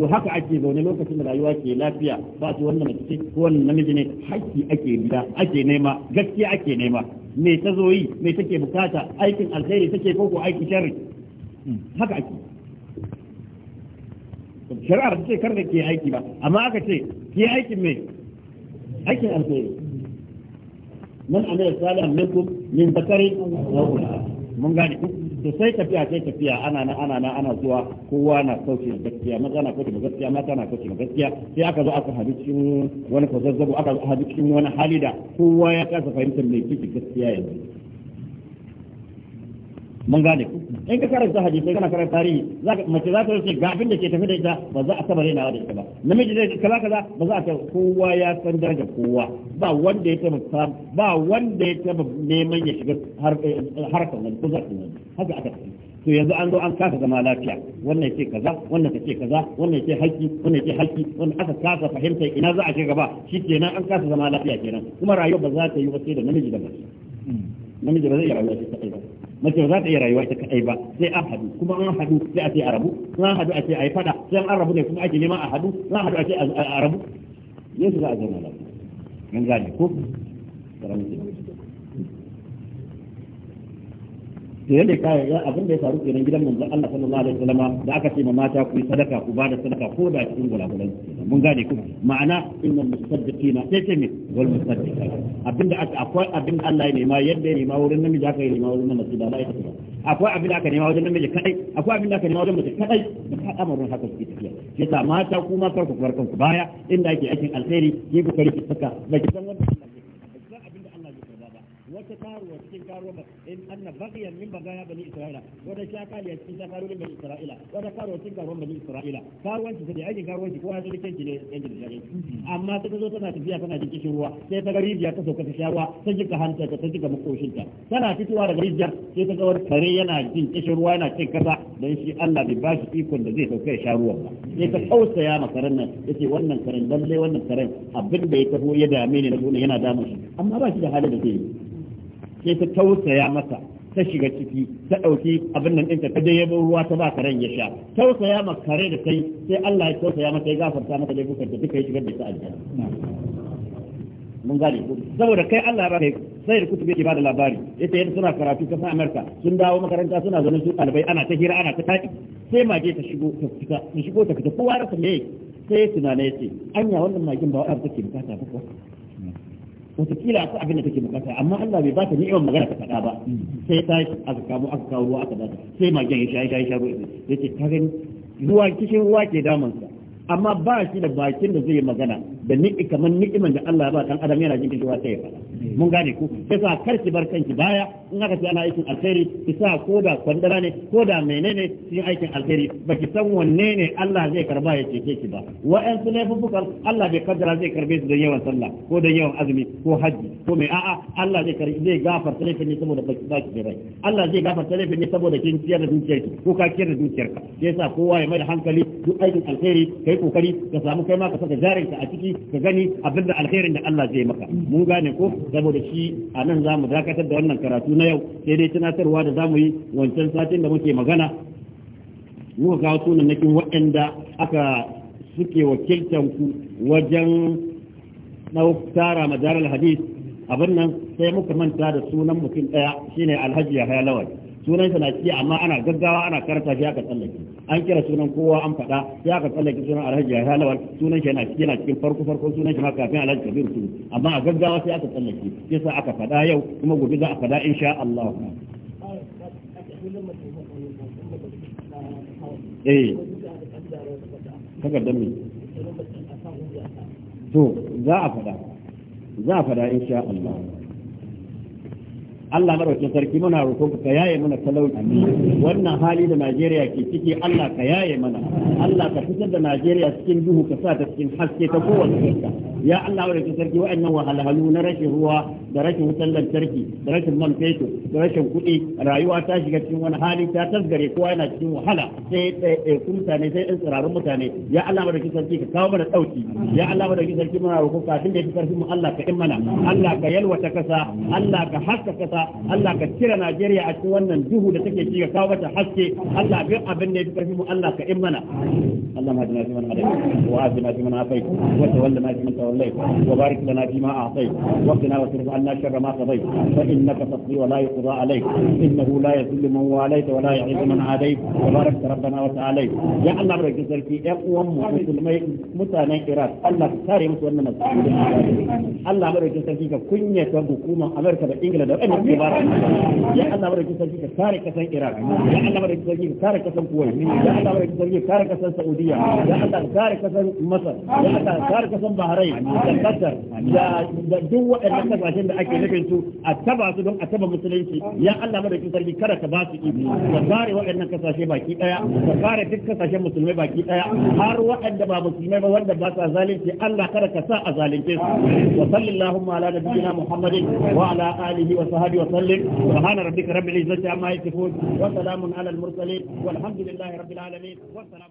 to haka ake zaune lokacin da rayuwa ke lafiya ba su wannan mace ko wannan namiji ne haƙƙi ake bida ake nema gaskiya ake nema me ta zo yi me take bukata aikin alheri take ko ko aikin sharri haka ake shari'ar ta ce kar da ke aiki ba amma aka ce ke aikin me aikin alheri man amila salihan minkum min zakari mun gane duk da sai tafiya sai tafiya ana na ana na ana zuwa kowa na kauce gaskiya maza na kauce gaskiya mata na kauce gaskiya sai aka zo aka hadu cikin wani kwazazzabo aka hadu cikin wani hali da kowa ya kasa fahimtar mai kike gaskiya yanzu mun gane ku in ka karanta hadisi kana karanta tarihi zaka mace za ta ce ga abin da ke tafi da ita ba za a saba da ita ba namiji zai kaza kaza ba za ta kowa ya san daraja kowa ba wanda ya taba ba wanda ya taba neman ya shiga eh, harkar wani haka aka to yanzu an zo an kasa zama lafiya wannan ce kaza wannan ce kaza wannan ce haƙƙi wannan ce haƙƙi wannan aka kasa fahimta ina za a shiga gaba shikenan an kasa zama lafiya kenan kuma rayuwa ba za ta yi ba sai da namiji da mace hmm. namiji ba zai yi rayuwa shi ba mace za ta iya rayuwa ta kadai ba sai an hadu kuma an hadu sai a ce a rabu an hadu a ce a yi fada sai an rabu ne kuma ake neman a hadu an hadu a ce a rabu yanzu za a zauna lafiya mun gane ko karamin to yadda ka ga abin da ya faru kenan gidan manzon Allah sallallahu alaihi wasallam da aka ce ma mata ku yi sadaka ku bada sadaka ko da cikin gulagulan mun gane ku ma'ana innal musaddiqina sai ce ne wal musaddiqina da aka akwai abin da Allah ya nema yadda ya nema wurin namiji aka yi nema wurin mace ba ya ta akwai abin da aka nema wajen namiji kadai akwai abin da aka nema wajen mace kadai da ka al'amarin haka suke tafiya shi ta mata kuma karku barkanku baya inda ake aikin alheri ke ku kari ki saka da ki san wannan wata karuwa cikin karuwa ba in anna baqiyan min bagaya bani isra'ila wata shakaliya cikin shakaruwa bani isra'ila wata karuwa cikin karuwa bani isra'ila karuwanci sai aikin karuwanci ko hasali kanki ne yanki da shari'a amma ta zo tana tafiya tana jin kishin ruwa sai ta gari rijiya ta sauka ta sha ruwa ta jika hanta ta jika makoshinta tana fitowa daga rijiyar sai ta ga wani kare yana jin kishin ruwa yana cin kasa dan shi Allah bai bashi ikon da zai sauka ya sha ruwan ba sai ta ya makaran nan yace wannan karen lalle wannan karen abin da ya tafi ya dame ne na yana damun shi amma ba shi da halin da zai yi sai ta tausaya masa ta shiga ciki ta ɗauki abin nan ɗinta ta dai ruwa ta ba karen ya sha tausaya ma kare da kai sai Allah ya tausaya mata ya gafarta mata dai bukar da duka ya shigar da ta aljanna mun gane saboda kai Allah ya kai sai da kutubi ke da labari yace yadda suna karatu ta Amerika sun dawo makaranta suna zaune su ɗalibai ana ta hira ana ta taki sai mage ta shigo ta fita ta shigo ta fita kowa rasa me sai tunane yace anya wannan magin ba wa'ar take bukata ba wataƙila akwai abin da kake bukata amma Allah bai ba ta ni'imar magana ta faɗa ba sai ta aka kamo aka kawo ruwa aka bata sai magen ya shayi shayi shayi ce ka gani ruwa kishin ruwa ke damansa amma ba shi da bakin da zai yi magana da ni'i kamar ni'iman da Allah ya ba dan adam yana jin cewa sai ya fara mun gane ku sai sa kar ki bar kanki baya in aka ce ana aikin alheri ki sa ko da kwandara ne koda menene cikin aikin alheri ba ki san wanne ne Allah zai karba ya cece ki ba wa'an su laifuffukan Allah bai kaddara zai karbe su da yawan sallah ko da yawan azumi ko haji ko mai a'a Allah zai karbe zai gafarta laifin ne saboda baki ba ki rai Allah zai gafarta laifin ne saboda kin ciyar da ki ko ka ciyar da ka sai sa kowa ya mai da hankali duk aikin alheri kai kokari ka samu kai ma ka saka jarinka a ciki ka gani abin da alherin da Allah zai maka mun gane ko saboda shi a nan za mu dakatar da wannan karatu na yau sai dai tunatarwa da za mu yi wancan satin da muke magana muka kawo kin waɗanda aka suke wakiltan ku wajen tara madaral hadis abin nan sai muka manta da sunan mutum ɗaya shine alhaji ya lawal sunan sa na ci amma ana gaggawa ana karanta shi aka tsallake an kira sunan kowa an faɗa ya aka tsallake sunan alhaji ya halawar sunan shi yana cikin yana cikin farko farko sunan shi ma kafin alhaji kabir su amma a gaggawa sai aka tsallake yasa aka faɗa yau kuma gobe za a faɗa insha Allah eh dan me to za a fada za a fada insha Allah Allah madaukakin sarki muna roƙon ka yaye mana talauci wannan hali da Najeriya ke ciki Allah ka yaye mana Allah ka fitar da Najeriya cikin duhu ka sa ta cikin haske ta kowace fuska ya Allah wa yake sarki wa'annan wahalhalu na rashin ruwa da rashin wutar lantarki da rashin man fetur da rashin kuɗi rayuwa ta shiga cikin wani hali ta tasgare kowa yana cikin wahala sai ɗaiɗai ku mutane sai ɗan tsirarun mutane ya Allah wa yake sarki ka kawo mana ɗauki ya Allah wa yake sarki muna roƙo kafin da yake sarki mu Allah ka mana Allah ka yalwata kasa Allah ka haska kasa Allah ka cire Najeriya a cikin wannan duhu da take ci ka kawo mata haske Allah bin abin da yake sarki mu Allah ka mana Allah ma dina fi man hadai wa azina fi man afai wa tawalla ma fi man توليت وبارك لنا فيما أعطيت وقنا واصرف عنا شر ما قضيت فإنك تقضي ولا يقضى عليك إنه لا يذل من واليت ولا يعز من عاديت وبارك ربنا وتعاليت يا الله برك سركي يا قوم مسلمي متانين إيران الله كاري مسلمنا الله برك في كنية وحكومة أمريكا بإنجلترا أنا مبارك يا الله برك في كاري كسان إيران يا الله برك في كاري كسان كويت يا الله برك في كاري كسان سعودية يا الله كاري كسان مصر يا الله كاري كسان بحرين da Qatar da duk waɗannan kasashen da ake nufin su a taba su don a taba musulunci ya Allah madaukin sarki kada ka ba su yi ka kare waɗannan kasashe baki daya ka kare duk kasashen musulmai baki daya har waɗanda ba musulmai ba wanda ba sa zalunci Allah kada ka sa a zalunce su wa sallallahu ala nabiyyina muhammadin wa ala alihi wa sahbihi wa sallim subhana rabbika rabbil izzati amma yasifun wa salamun ala al mursalin والحمد لله رب العالمين والسلام